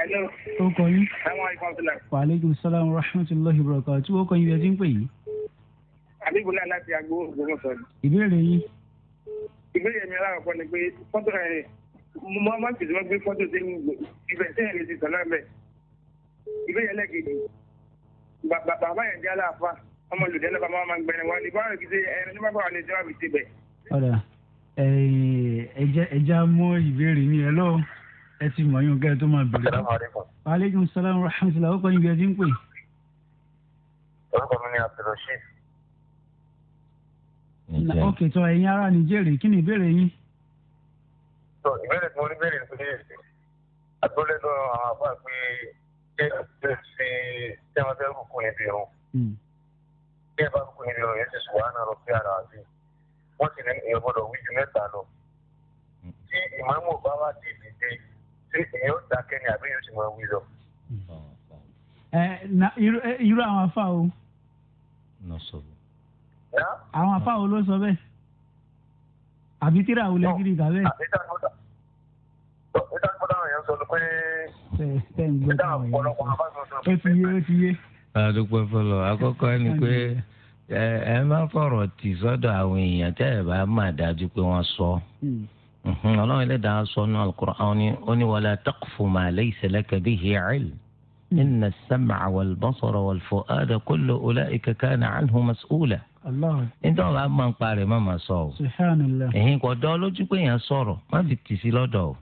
hello. ó kọ yín. sàmúhàlì kọ́ńtìlá. wàhálà ìgbìmọ̀ sálàmù rahmatulahi bùrọ̀kà tí ó kọ yín bí ẹ ti ń pè yín àbíbọlá láti àgbo Ògbómọ̀ṣọ́ ni. ìbéèrè yín. ìbéèrè mi alákọ̀ọ́kọ́ ni pé fọ́tò ẹ̀ mo máa ń fi ìsọ́gbé fọ́tò sí ibẹ̀ sẹ́yìn lè ti sọ náà bẹ̀. ìbéèrè lẹ́gẹ̀dẹ̀ bàbá yẹn jẹ́ aláàfáà ọmọ lùdẹ́ náà bàbá máa ń gbẹ̀rẹ̀ wá ní báwọn kì í ṣe ẹni nígbà báwọn lè ṣe wá fi bẹ̀. ọ̀dà ẹja mú ìbéèrè mi ẹ lọ ẹ ti mọ̀ yín kẹ́ ẹ tó máa bèrè. aleykum salaam wa rahmatulah ó kọ́ yín ẹ ti ń pè. orúkọ mi ni abdulrasheed ok tó ẹ̀yin ará Niger kí ni ìbéèrè yín. sọ ìbéèrè tí mo ní bèrè ní àtúndẹ́dọ̀ àwọn afá pé ṣé ṣe ṣe ṣé wọn fẹ́ kúkú níbi irun. ṣé ẹ bá kúkú níbi hmm. irun yẹn ti sùn wàhánà lọ sí ara àti wọ́n sì ní èèyàn gbọ́dọ̀ wí ju mẹ́ta lọ. tí ìmáàmù bá wá sí ìdíje ṣé èèyàn ó dákẹ́ ni àbí yóò ti máa wí lọ. ẹ hmm. eh, eh, irú àwọn afá o. àwọn afáwo ló sọ bẹ́ẹ̀ àbí tíra àwọn olóògiri kà bẹ́ẹ̀. ìtàn kọ́tà àwọn èèyàn sọ pé ìtàn ọ̀pọ̀lọpọ̀ àbáṣọ sọ pé. ó ti yé ó ti yé. àdúgbò fọlọ àkọ́kọ́ ni pé ẹ má fọ̀rọ̀ tì sọ́dọ̀ àwọn èèyàn tẹ́ ẹ bá má dájú pé wọ́n sọ. ọlọ́run ilé dáa sọ ní Al-Qur'ani ó ní wala taqfu ma laysa laka bihi ilm. إن السمع والبصر والفؤاد كل أولئك كان عنه مسؤولا nítorí wọn bá máa ń pa rẹ̀ má máa sọ o ẹ̀hìn kò dán lójú pé èèyàn sọ̀rọ̀ má fi tì sí lọ́dọ̀ o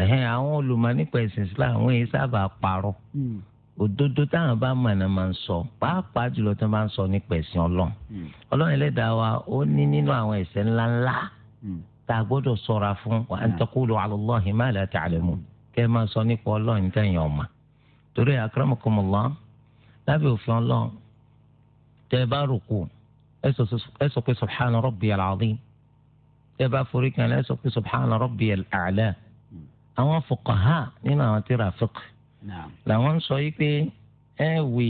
ẹ̀hìn àwọn olùmọ̀ nípa ẹ̀sìn Islam àwọn èèyàn sábà parọ́ mm. òdodo táwọn bá mọ̀ náà máa ń sọ pàápàá jùlọ tó máa ń sọ nípa ẹ̀sìn Ọlọ́run mm. Ọlọ́run ẹlẹ́dàá wa ó ní nínú àwọn ẹ̀ṣẹ̀ ńláńlá mm. tá a gbọ́dọ̀ sọ̀ra fún wa an taqulu ala Allahi ma ẹ sọ pé subhana rabbiyal azim tẹ́ bá forí kan ẹ sọ pé subhana rabbiyal a'la àwọn fuqaha nínú àwọn tírà fiqh làwọn ń sọ yìí pé ẹ wí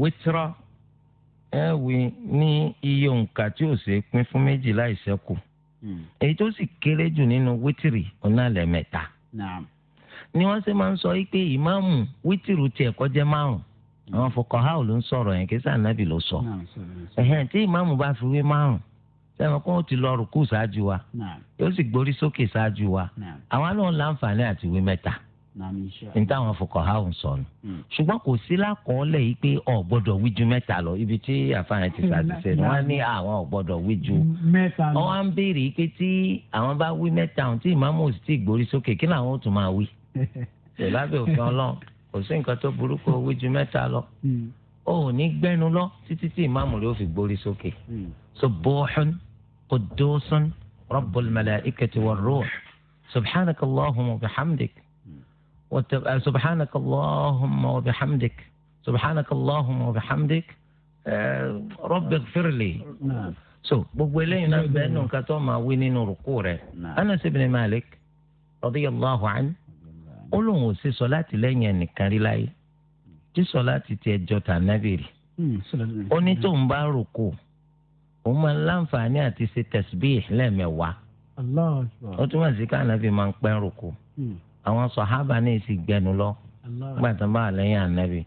wítrọ ẹ wí ní iye òǹkà tí ò ṣe é pín fún méjì láì ṣẹ́kù hmm. èyí tó sì kéré jù nínú wítìrì ọ̀nàlẹ̀ mẹ́ta ni wọ́n ṣe máa ń sọ pé ìmáàmù wítìrù tiẹ̀ kọjá márùn àwọn fọkànhá ò ló ń sọ̀rọ̀ yẹn kí sànàbì ló sọ ẹ̀hẹ́n tí ìmáàmù bá fi wé márùn sẹ́wọ̀n kó ti lọ rùkú ṣáájú wa yóò sì gbórí sókè ṣáájú wa àwọn náà láǹfààní àti wé mẹ́ta n táwọn fọkànhá ò ń sọnù hmm. ṣùgbọ́n kò sí lákọọ́lẹ̀ yìí pé ọ̀ gbọ́dọ̀ wí ju mẹ́ta lọ ibi tí àfààní ti <laughs> ṣàṣìṣe ni wọ́n ní àwọn ọ̀ gbọ́dọ̀ wí ju mẹ́ta lọ wọ́n á ń béèrè pé tí àwọn bá wí <laughs> kò sí nǹkan tó burúkú owó ju mẹ́ta lọ ó ò ní gbẹ́nu lọ títí tí ìmáàmù rẹ̀ ó fi gbórí sókè subuhun qudusun rabbul malaikati war ruh subhanaka allahumma wa bihamdik subhanaka allahumma wa bihamdik subhanaka allahumma wa bihamdik rọ́bùn fírìlì. so gbogbo eléyìí náà bẹ́ẹ̀ nù nǹkan tó máa wí nínú rúkú rẹ̀ Anas ibn Malik radiyallahu anhu. ó lóun ò ṣe sọ láti lẹ́yìn ẹnìkan rí láyé tí sọ láti tiẹ̀ jọ tànábì rí hmm, ó ní tóun bá rò kó òun máa ń láǹfààní àti ṣe tẹ̀síbíì lẹ́ẹ̀mẹ̀wá ó túmọ̀ sí ká ànábì máa ń pẹ́ rò kó hmm. àwọn sọ̀hábà ní ìsì gbẹnu lọ gbàtàn bá lẹ́yìn ànábì.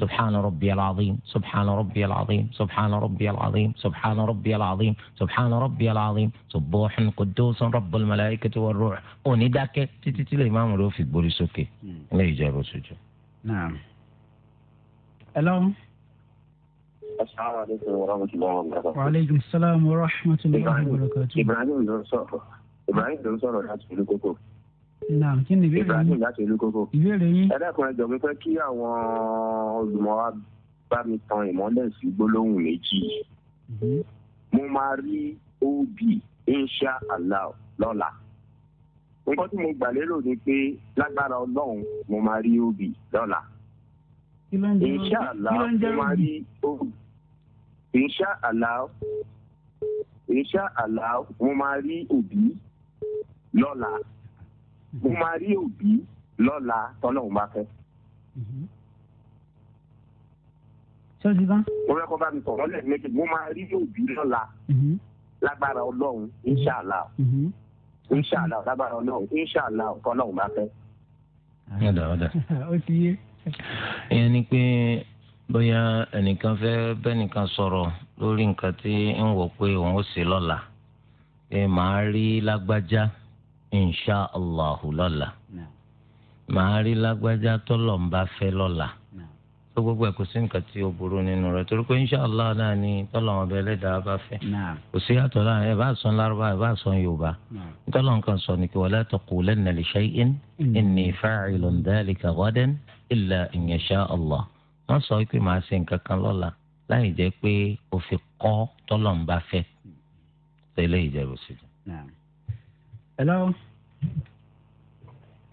سبحان ربي العظيم سبحان ربي العظيم سبحان ربي العظيم سبحان ربي العظيم سبحان ربي العظيم سبوح قدوس رب الملائكة والروح ونداك تتتل الإمام الوفي بوري سوكي لا يجاب السجود نعم اللهم السلام عليكم ورحمة الله وبركاته وعليكم السلام ورحمة الله وبركاته إبراهيم دونسور إبراهيم دونسور وحاج naam kí ni ìbéèrè yín ibrahim láti ìlú kókó ìbéèrè yín ẹ dákun ẹ jọ̀ọ́ mi fẹ́ kí àwọn olùmọ̀ wa bá mi tan ìmọ́lẹ̀ sí gbólóhùn méjì mhm. mo máa rí ob insha allah lọ́la nǹkan tí mo gbà lérò ni pé lágbára ọlọ́run mo máa rí ob lọ́la insha allah mo máa rí ob insha allah insha allah mo máa rí òbí lọ́la mo máa rí òbí lọ́la tọ́lọ́hún bá fẹ́. sọ́jú bá. mo fẹ́ kó bá mi sọ̀rọ̀ lẹ́yìn méjì mo máa rí òbí lọ́la lágbára ọlọ́run inṣàlá inṣàlá lágbára ọlọ́run inṣàlá tọ́lọ́hún bá fẹ́. ọ̀dà ọ̀dà ó ti yé. ìyẹn ni pé bóyá ẹnìkan fẹ́ bẹ́nìkan sọ̀rọ̀ lórí nǹkan tí ń wọ̀ pé òun ó ṣe lọ́la pé màá rí lágbájá insha allahu lọ́la màá rí lágbájá tọ́lọ̀ ń bá fẹ́ lọ́la tó gbogbo ẹ̀ kò sí nǹkan tí ó burú nínú rẹ̀ torí pé insha allah náà ni tọ́lọ̀ wọn bẹ lẹ́dàá bá fẹ́ kò sí àtọ̀ láàrin ẹ̀ bá sọ lárúbá ẹ̀ bá sọ yorùbá tọ́lọ̀ nǹkan sọ ni kí wala taqulanna li shay'in inni fa'ilun dhalika ghadan illa in yasha allah wọ́n sọ pé màá ṣe nǹkan kan lọ́la láì jẹ́ pé òfin kọ́ tọ́lọ̀ bá fẹ́ tẹ́lẹ̀ ìjẹ́rù sí i hello.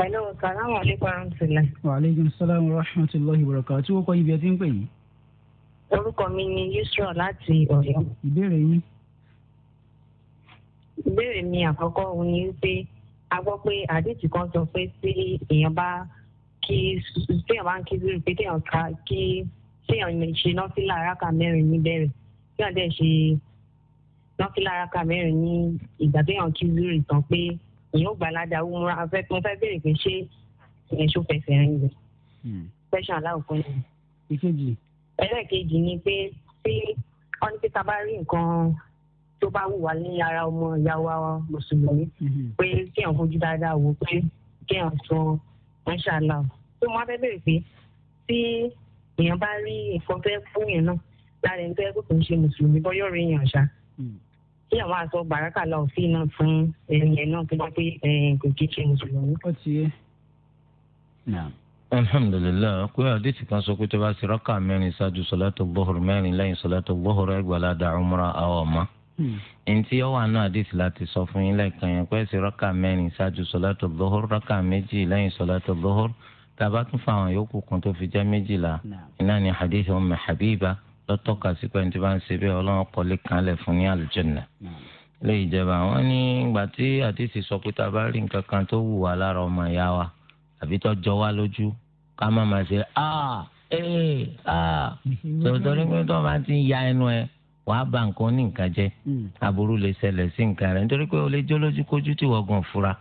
hello salamu aleykum rahmatulah. wa aleykum salaam wa rahmatulahi wa barakatuh tí ó kọ ibi ẹ ti ń pè yìí. orúkọ mi ni yusra láti Ọ̀yọ́. ìbéèrè yín. ìbéèrè mi àkọ́kọ́ òun ni wípé a gbọ́ pé àdéhùn kan sọ pé tí èèyàn bá kí téèyàn bá ń kí zuru pé téèyàn ká kí téèyàn ṣe náà sí làárá kan mẹ́rin dẹ̀ ṣe nọ́fìláraka mẹ́rin ní ìgbà téèyàn kí zuri tán pé ìyẹn ò gbalada umra afẹ́ tó fẹ́ bèrè pé ṣé èso fẹsẹ̀ rìn rẹ̀ pẹ́ṣán aláwọ̀kọ́ ni. ìkejì. ẹlẹ́ẹ̀kejì ni pé pé wọ́n ní pé ta bá rí nǹkan tó bá wù wá ní ara ọmọ ìyá wa mùsùlùmí hmm. pé kéèyàn fojú dáadáa wò pé kéèyàn sọ pẹ́ṣán aláwọ̀ tó máa fẹ́ bèrè pé tí èèyàn bá rí nǹkan fẹ́ fún yẹn náà lára ẹni tó yẹ kó kò ń ṣe mùsùlùmí bọ́yọ̀ rí èèyàn ṣá. Hmm kí àwọn aṣọ bàrákà lọ sí iná fún ẹnìyẹn náà tó bá pé kò kí ṣe mùsùlùmí. ó ti yé. alhamdulilayi pé àdéhùn kan sọ pé tó bá ṣe rákà mẹ́rin ṣáájú sọlátọ bọhùrù mẹ́rin lẹ́yìn sọlátọ bọhùrù ẹgbàládà ọmọra àwọn hmm. ọmọ ntí ọwọ àná àdìsí láti sọ fún yín lẹ́ẹ̀kan yẹn pé ẹsẹ rákà mẹ́rin ṣáájú sọlátọ bọhùrù rákà méjì lẹ́yìn sọlátọ bọhùrù tàbá àwọn yòókù kan tó fi jẹ méjìlá iná ni hadith Umm Habiba tọ́tọ́ka sí pé ní ti bá ń ṣe bẹ́ẹ̀ ọlọ́run kọ́lé kanlẹ̀ fún ní àlùjànnà lè jẹba wọn ní ìgbà tí àtìsí sọ pé tá a rí nǹkan kan tó wù wá lára ọmọ ìyá wa àbí tó jọ wá lójú ká má máa ṣe a ee a <laughs> tòótọ́ ní pé tó máa ti ya ẹnu ẹ wàá ba nǹkan ní nǹkan jẹ hmm. aburú lè ṣẹlẹ̀ sí nǹkan rẹ nítorí pé o lè jó lójú kójú tí wọ́n gàn fura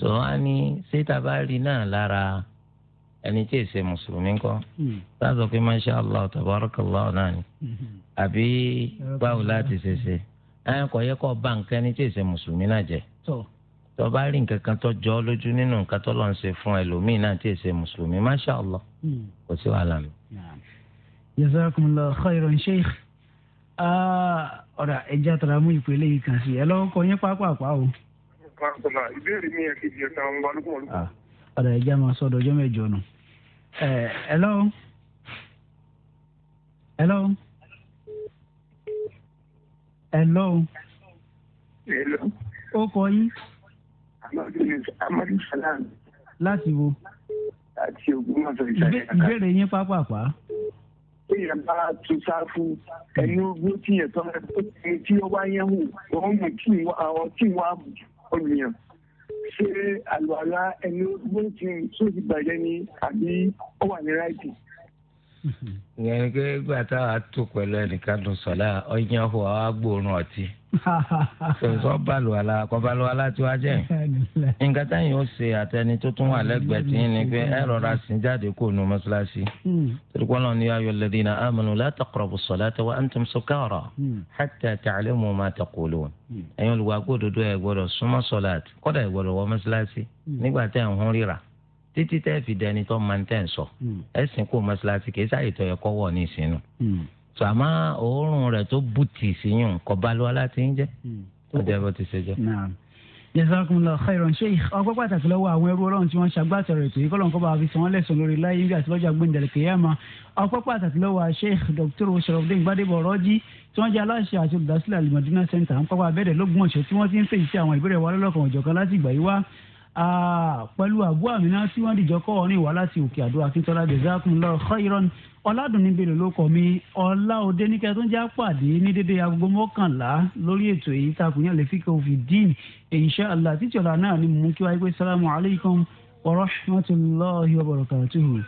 sọ wá ní ṣé tá rí náà lára ẹni tí èsè mùsùlùmí kọ́ sáàsọ hmm. pé masha allah tabarakallah náà ni hmm. àbí báwo láti ṣe ṣe ẹ kò yẹ kó bá nǹkan ẹni tí èsè mùsùlùmí náà jẹ tó bá rí nǹkan kan tó jọ lójú nínú nǹkan tó lọ ń ṣe fún ẹlòmíì náà tí èsè mùsùlùmí masha allah hmm. kò sí wàhálà mi. jazakumullahu khairan sheikh ah, ọ̀rọ̀ ẹja tara mú ìpele yìí kan sí ẹ lọ́wọ́ kọ́ yín pápá àpá o. ìbéèrè mi ẹ̀ ọ̀dà ìjà máa sọ ọdọọjọ́ mẹ́jọ nù. hello hello hello hello ó kọ yín. amadu salam. láti wo. láti ogun mọ́tò ìsàlẹ̀ kàkà. ìbéèrè yín pápápá èèyàn bá tún sáfù ẹni ogún tí yẹn tán ẹ tó ti tí ó wá yẹn hù òun mú kí wọn olùyàn ṣe àlùwàlá ẹni ó ti bàjẹ́ ni àbí ó wà ní ráìtì ìyẹn ni pé gbà táwa tó pẹ̀lú ẹnìkan dùn sọ̀lá ọyàn hù àwọn agbóòrùn ọtí <laughs> sọ̀rọ̀ balùwàlà kọ́balùwàlà tí wàá jẹ́ nǹkan táyìn ó ṣe àtẹni tó tún wà lẹ́gbẹ̀ẹ́ tí ní pé ẹ rọra sìn jáde kó nu mọ́ṣáláṣí torípọ́ náà ni ayọ̀ alladhina amanu la taqrabu ssalata wa antum sukara hmm. hatta ta'lamu ma taqulun hmm. ẹ̀yin olùwàgbọ́ òdodo ẹ̀ gbọ́dọ̀ súnmọ́ sọ̀lá kọ́dà ẹ̀ gbọ́dọ̀ wọ mọ́ṣáláṣí hmm. nígbà tẹ̀ ń hún ríra títí tẹ́ fi dẹni tó máa ń tẹ̀ ń sọ hmm. ẹ̀sìn kò mọ́ṣáláṣí kì í sáyè tó yẹ kọ́ wọ̀ ní ìsinú tó hmm. àmọ́ òórùn rẹ̀ tó bùtì síyùn kọ́ bá lọ́wọ́ láti ń jẹ́ ọjọ́ hmm. bó ti ṣe jẹ́ jazakumullahu khairan sheikh ọgbọ́n pàtàkì lọ́wọ́ àwọn ẹrú ọlọ́run tí wọ́n ṣàgbàtọ̀rọ̀ ètò yìí kọ́lọ́n bá fi san wọ́n lẹ́sùn lórí láyé níbi àtìlọ́jọ́ sheikh dr sharafdin gbadebo ọ̀rọ́jì tí wọ́n jẹ́ aláṣẹ àti olùdásílẹ̀ alimọ̀dúnà center ń pápá abẹ́rẹ́ lọ́gbọ̀nsẹ̀ tí wọ́n ti ń fèyí sí àwọn ìbéèrè wa lọ́lọ́kan òjọ̀kan láti ìgbà yìí wá pẹ̀lú àbú àmìnà tí wọ́n dìjọ́ kọ́ ọ̀rìn wá láti òkè àdó akíntola jazakumullahu khairan ọ̀làdùnní bèrè ló kọ́ mi ọ̀la òde ní kẹ́tọ́ jẹ́ àpàdé ní dédé agogo mọ́kànlá lórí ètò èyí takùn yẹn lè fi kẹ́ òfin dín insha Allah títí ọ̀la náà ni mú kí wáyé pé sálámù alaykum wa rahmatullahi wa barakatuhu.